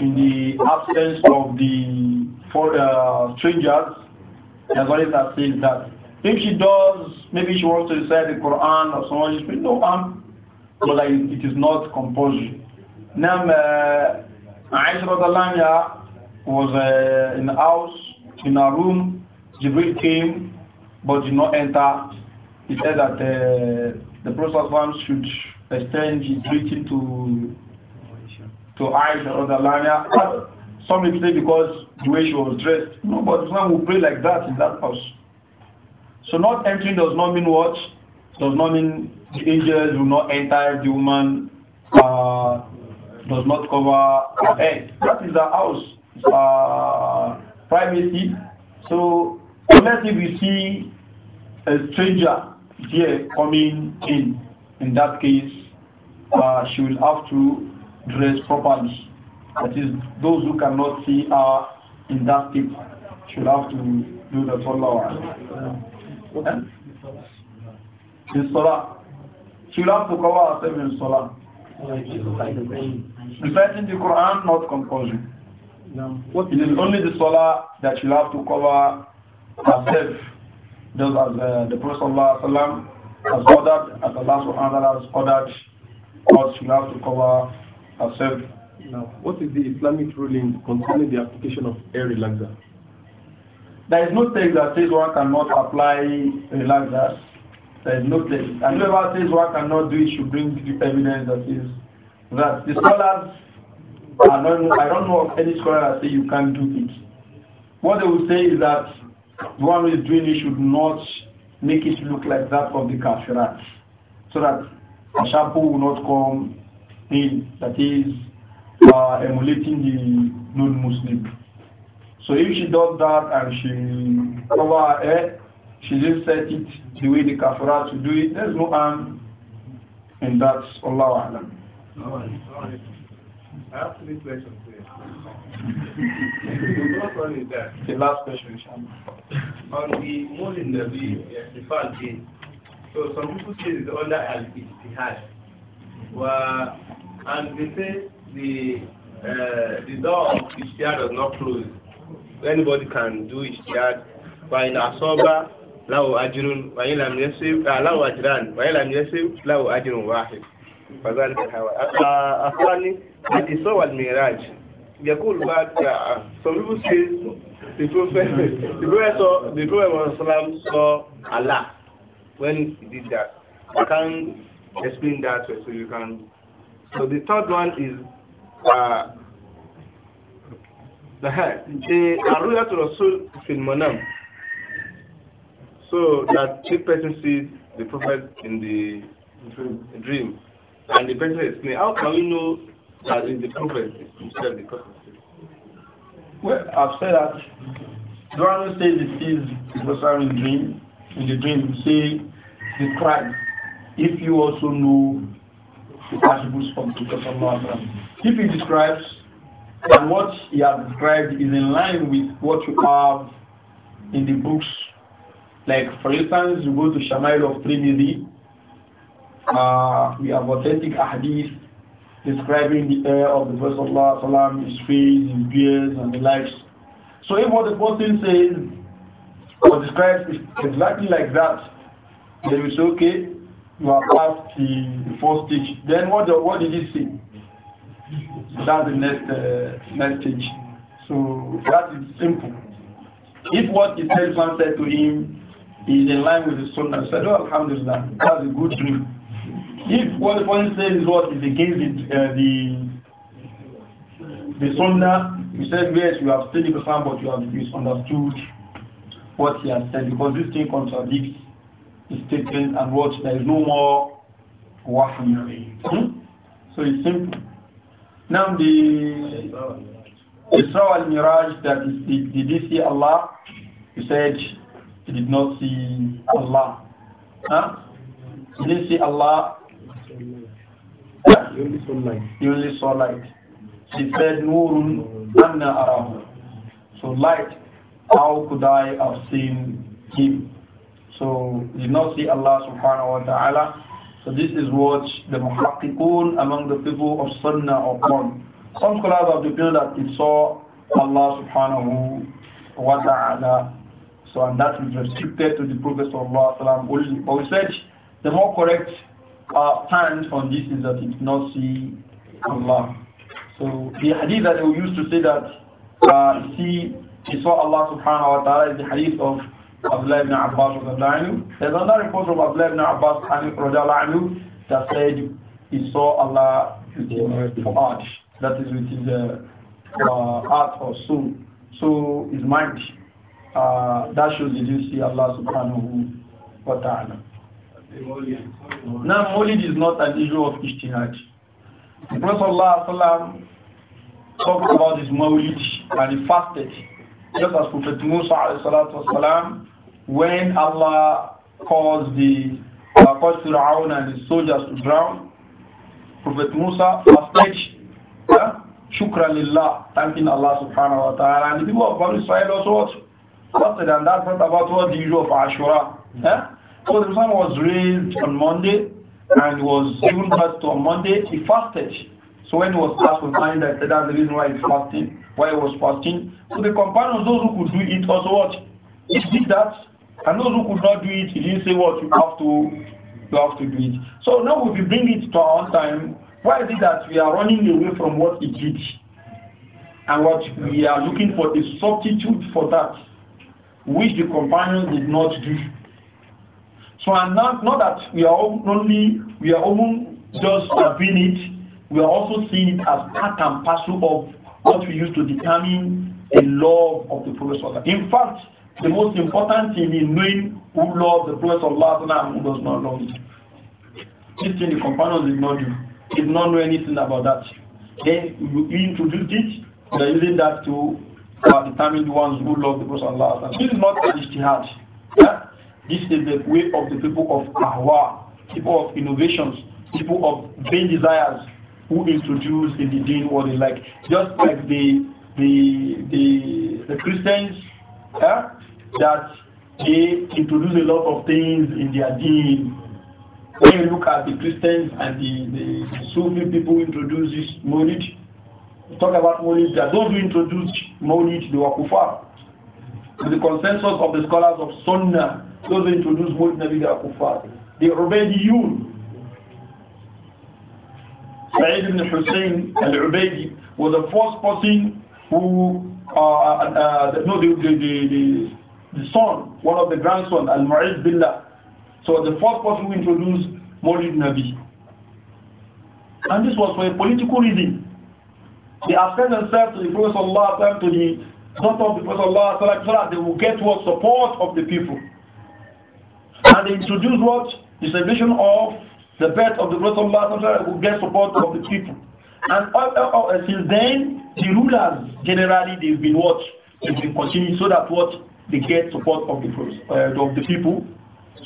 S1: in the absence of the for, uh, strangers. There's only that says that. If she does, maybe she wants to recite the Quran or someone, she says, no harm. But like, it is not compulsory. Now, uh, Aisha was uh, in the house, in her room. Jibril came, but did not enter. He said that uh, the Prophet should extend his greeting to to Aisha Radalanya. Some people say because the way she was dressed. No, but Islam will pray like that in that house. So not entering does not mean what? Does not mean the angels will not enter the woman, uh, does not cover her head. That is the house, uh, privacy. So unless if we see a stranger here coming in, in that case, uh, she will have to dress properly. That is, those who cannot see are in that state should have to do the follow-up. In Salah. She will have to cover herself in Salah. Reciting the Quran, not compulsion. No. It is only the Salah that she'll have to cover herself. Just as uh, the Prophet ﷺ has ordered, as Allah subhanahu wa ta'ala has ordered, us she'll have to cover herself. Now, what is the Islamic ruling concerning the application of air relaxer? There is no text that says one cannot apply like that. There is no text. And whoever says one cannot do it should bring the evidence that is that. The scholars, are not, I don't know of any scholar that say you can't do it. What they will say is that the one who is doing it should not make it look like that of the kafirat. So that a shampoo will not come in that is uh, emulating the non-Muslim. So if she does that and she cover her head, she just set it the way the kafara to do it, there's no harm and that's Allah
S3: Alam. I have three questions here.
S1: the (laughs) first that. The last question, Shama. On the morning that the first day, so some people say it's under al ijtihad. Well, and they say the uh, the door of ijtihad does not close. anybody can do it. That ijtihad fàyìn àsọ́bà
S3: láwò ajirun fàyìn làm yẹsẹ̀ láwò ajiran fàyìn làm yẹsẹ̀ láwò ajirun wáhid
S1: fàzálì kàwá. àfáàní àti sọ́wà mìíràn yakul bá ta some people say the prophet the prophet sọ the prophet muhammad sọ allah when he did that i can explain that so you can so the third one is. Uh, the Aruya to Rasul Manam. So that the person sees the prophet in the dream, dream.
S3: and the person is me, How can we know that in the prophet is of the prophet?
S1: Well, I've said that the one who says he sees the prophet in dream, in the dream, say the Christ, if you also know the attributes of the Prophet, if he describes and what he has described is in line with what you have in the books. Like, for instance, you go to Shamil of Trinity, uh, we have authentic hadith describing the air of the Prophet Sallallahu his face, his beard, and the likes. So if what the person says or describes is exactly like that, then we say, okay, you have passed the, the first stage. Then what, the, what did he say? That's the next uh, So that is simple. If what the salesman said to him is in line with the sunnah, he said, oh, alhamdulillah, that's a good dream. If what the person says is what is against the, uh, the the sunnah, he said, yes, you have studied the Quran, but you have misunderstood what he has said because this thing contradicts his statement and what there is no more wahi. Hmm? So it's simple. Now the the saw al-Miraj, mirage is, did, did he see Allah? He said he did not see Allah. Huh? He didn't see Allah. He only saw light. He only saw light. He said, Nurun anna arahu. So light, how could I have seen him? So did not see Allah subhanahu wa ta'ala. So this is what the muhaqqiqun among the people of Sunnah upon. Some scholars have declared that it saw Allah subhanahu wa ta'ala. So and that is restricted to the Allah sallallahu only. But we said the more correct uh, stance on this is that it did not see Allah. So the hadith that we used to say that uh, see, he saw Allah subhanahu wa ta'ala is the hadith of Abdullah ibn Abbas There's another report from Abdullah ibn Abbas that said he saw Allah with his heart, that is with his uh, uh, heart or soul, so his mind. Uh, that shows did you see Allah subhanahu wa ta'ala. Now, Molid is not an issue of ijtihad. The Prophet talked about his Mawlid and he fasted, just as Prophet Musa والسلام, when Allah caused the uh, caused Fir'aun and his soldiers to drown, Prophet Musa fasted, uh, shukran lillah, thanking Allah subhanahu wa ta'ala. And the people of Banu Israel also fasted, and that's not about what the usual of Ashura. Uh? So the Prophet was raised on Monday and was given birth to on Monday. He fasted. So when he was asked to find that, that's the reason why he fasting, why he was fasting. So the companions, those who could do it, also what? He did that and those who could not do it, he didn't say what you have to you have to do it. So now if we bring it to our time, why is it that we are running away from what he did? And what we are looking for is substitute for that, which the companions did not do. So and now, not that we are only we are only just having it, we are also seeing it as part and parcel of what we use to determine the law of the Prophet. In fact, the most important thing is knowing who loves the Prophet of Allah and who does not love him. This thing the companions did you. Did not know anything about that. Then we introduced it. They are using that to uh, determine the ones who love the Prophet of Allah. This is not an ijtihad. Yeah? This is the way of the people of Ahwa, people of innovations, people of vain desires who introduce in the deen what they like. Just like the the the, the Christians that they introduce a lot of things in their deen. When you look at the Christians and the, the, Sufi people introduce this Molid, talk about Molid, that those who introduce Molid, they were kuffar. With the consensus of the scholars of Sunnah, those who introduce Molid they are kuffar. They obeyed you. Sa'id ibn Hussein al-Ubaydi was the first person who uh, uh no, the, the, the, the, son, one of the grandson, Al-Mu'izz Billah. So the first person who introduced Maulid Nabi. And this was for a political reason. They asked themselves to the Prophet Sallallahu to the daughter of the Prophet Sallallahu Alaihi so that they will get what support of the people. And they introduced what? The celebration of the birth of the Prophet Sallallahu Alaihi Wasallam will get support of the people. And uh, uh, uh, since then, the rulers generally they've been what they've been continuing so that what they get support of the uh, of the people.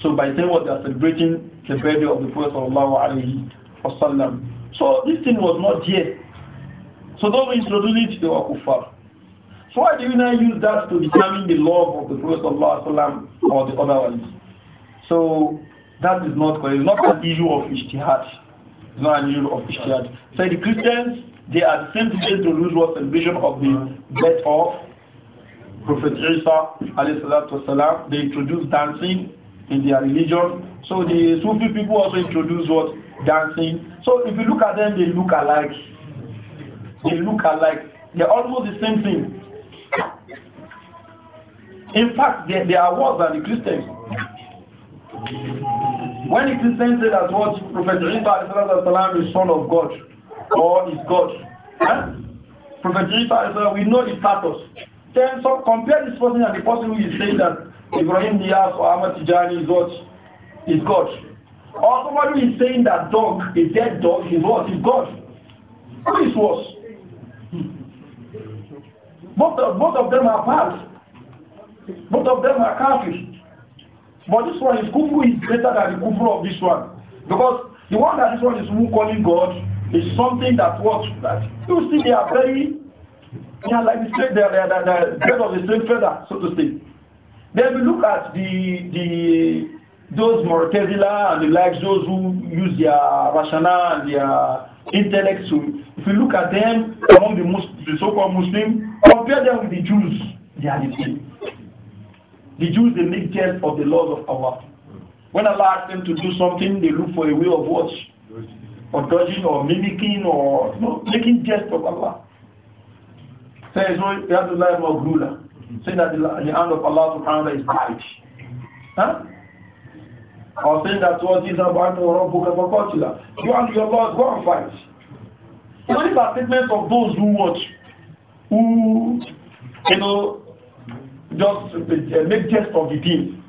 S1: So by saying what they are celebrating the birthday of the Prophet sallallahu wasallam. So this thing was not here. So those who introduce it, to the kuffar. So why do you now use that to determine the love of the Prophet sallallahu wasallam or the other ones? So that is not correct. It's not an issue of ijtihad of So the Christians, they are simply the usual celebration of the death of Prophet Isa والسلام, They introduced dancing in their religion. So the Sufi people also introduce what? Dancing. So if you look at them, they look alike. They look alike. They're almost the same thing. In fact, they, they are worse than the Christians. When it is presented as that what Prophet Isa is son of God or is God, eh? Prophet Isa, we know his status. Then so compare this person and the person who is saying that Ibrahim Diaz or Ahmad Tijani is what? Is God. Or somebody who is saying that dog, a dead dog, is what? Is God. Who is worse? Both of, both of them are bad. Both of them are kafir. But this one, his kufru is greater than the kufru of this one. Because the one that this one is calling God is something that what that you see they are very they are like the same they are, they are, they are bird of the same feather, so to speak. Then we look at the the those Mortezila and the likes, those who use their rational and their intellect to if you look at them among the, Muslim, the so-called Muslim, compare them with the Jews, they are the same. The Jews, they make jest of the laws of Allah. When Allah asks them to do something, they look for a way of what? Or dodging or mimicking or making jest of Allah. Say so you have to lie about ruler. Say that the, the hand of Allah subhanahu wa ta'ala is tight. Huh? Or saying that what is about or Rabbuka You and your Lord go and fight. So these are statements of those who watch, who, you know, just make jest of the thing.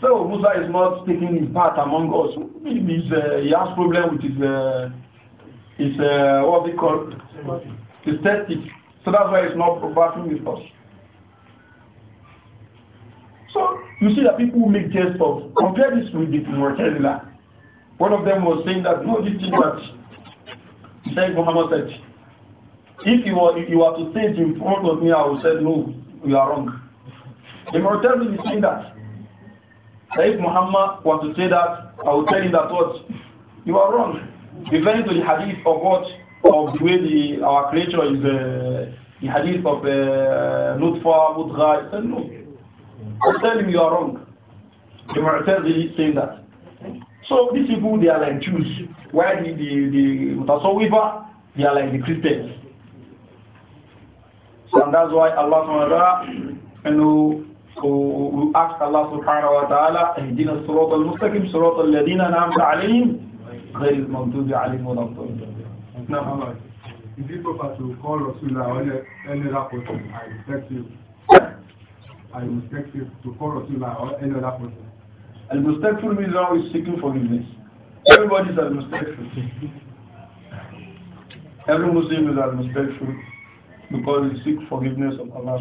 S1: So Musa is not taking his part among us. He's, uh, he has problem with his, uh, his uh, what's it called? His So that's why he's not battling with us. So you see that people make jest of. Compare this with the Mu'tazila. One of them was saying that no, this thing that Sheikh Muhammad said if you were, if you were to say it in front of me, I would say, no, you are wrong. The me is saying that. that. If Muhammad were to say that, I would tell him that what? You are wrong. Referring to the hadith of what? Of the way the, our creature is, uh, the hadith of Lutfa, uh, Mudgha, I said, no. I tell him you are wrong. The Mu'tazili is saying that. So these people, they are like Jews. Why the, the, the so Mutasawifa, they are like the Christians. And that's why Allah subhanahu wa ta'ala who ask Allah subhanahu wa ta'ala اهدنا الصراط المستقيم صراط الذين أنعمت عليهم غير المغضوب عليهم ولا الضالين نعم Is it proper to call Rasulullah or any other person? I respect you. I respect you to call Rasulullah or any other person. Al-Mustaqfir means now is seeking forgiveness. Everybody is Al-Mustaqfir. (laughs) Every Muslim is Al-Mustaqfir because we seek forgiveness of Allah.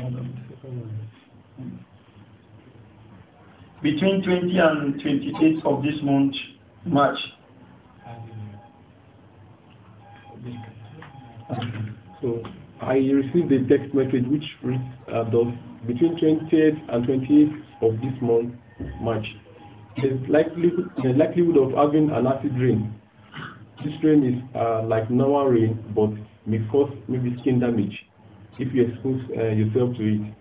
S1: Between 20 and 28 of this month, March. So I received a text message which reads uh, between 28th and 28th of this month, March. There's likelihood, the likelihood of having an acid rain. This rain is uh, like normal rain, but may cause maybe
S3: skin damage if you expose uh, yourself to it.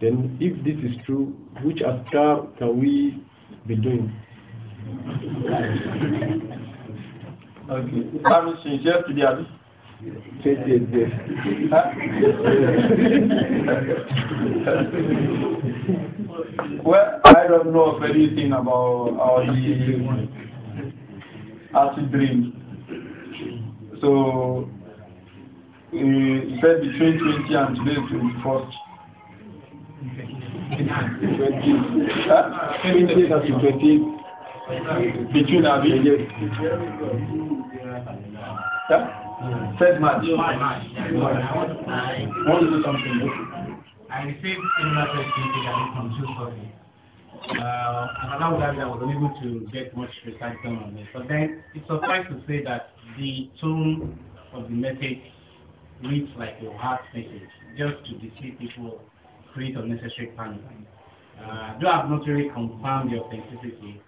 S3: Then, if this is true, which askar can we be doing?
S1: okay. That means she's here Yes, yes, yes. (laughs) well, I don't know of anything about our acid dream. So uh, he said between 20 and today 21st. 20th and 20th. Between Abi. Uh,
S3: yeah? Third March. Want to do something? I received similar certificate from two sources. Uh, and along that, I was unable to get much research on this. But then it's suffices to say that the tone of the message reads like your heart message just to deceive people, create unnecessary panic. Uh, though I've not really confirmed the authenticity,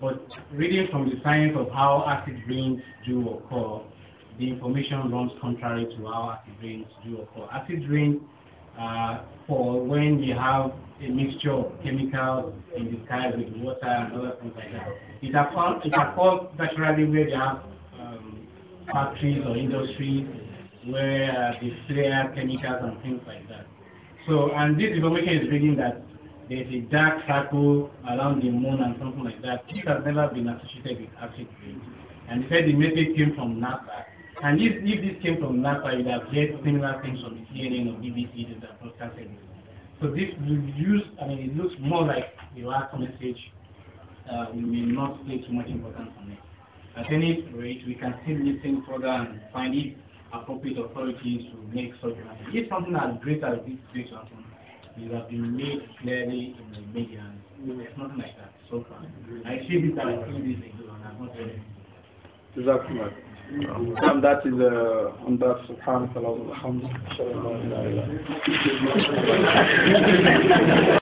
S3: but reading from the science of how acid rains do occur, the information runs contrary to how acid rains do occur. Acid rains uh, fall when you have a mixture of chemicals in the sky with water and other things like that. It occurs, it occurs naturally where you have um, factories or industries where the flare chemicals and things like that. So, and this information is reading that there's a dark circle around the moon and something like that. This has never been associated with acid rain. And they said the message came from NASA. And if, if this came from NASA, you'd have heard similar things from the CNN or BBC that are broadcasted. So this reviews, I mean, it looks more like a last message. Uh, we may not place too much importance on it. At any rate, we can still listen further and find it appropriate authorities to make such an If something as great as this happen, it has been made clearly in the media, there's nothing like that so far. I see this as two these things, and I'm not telling
S1: Exactly. And that is uh, on that subhanahu wa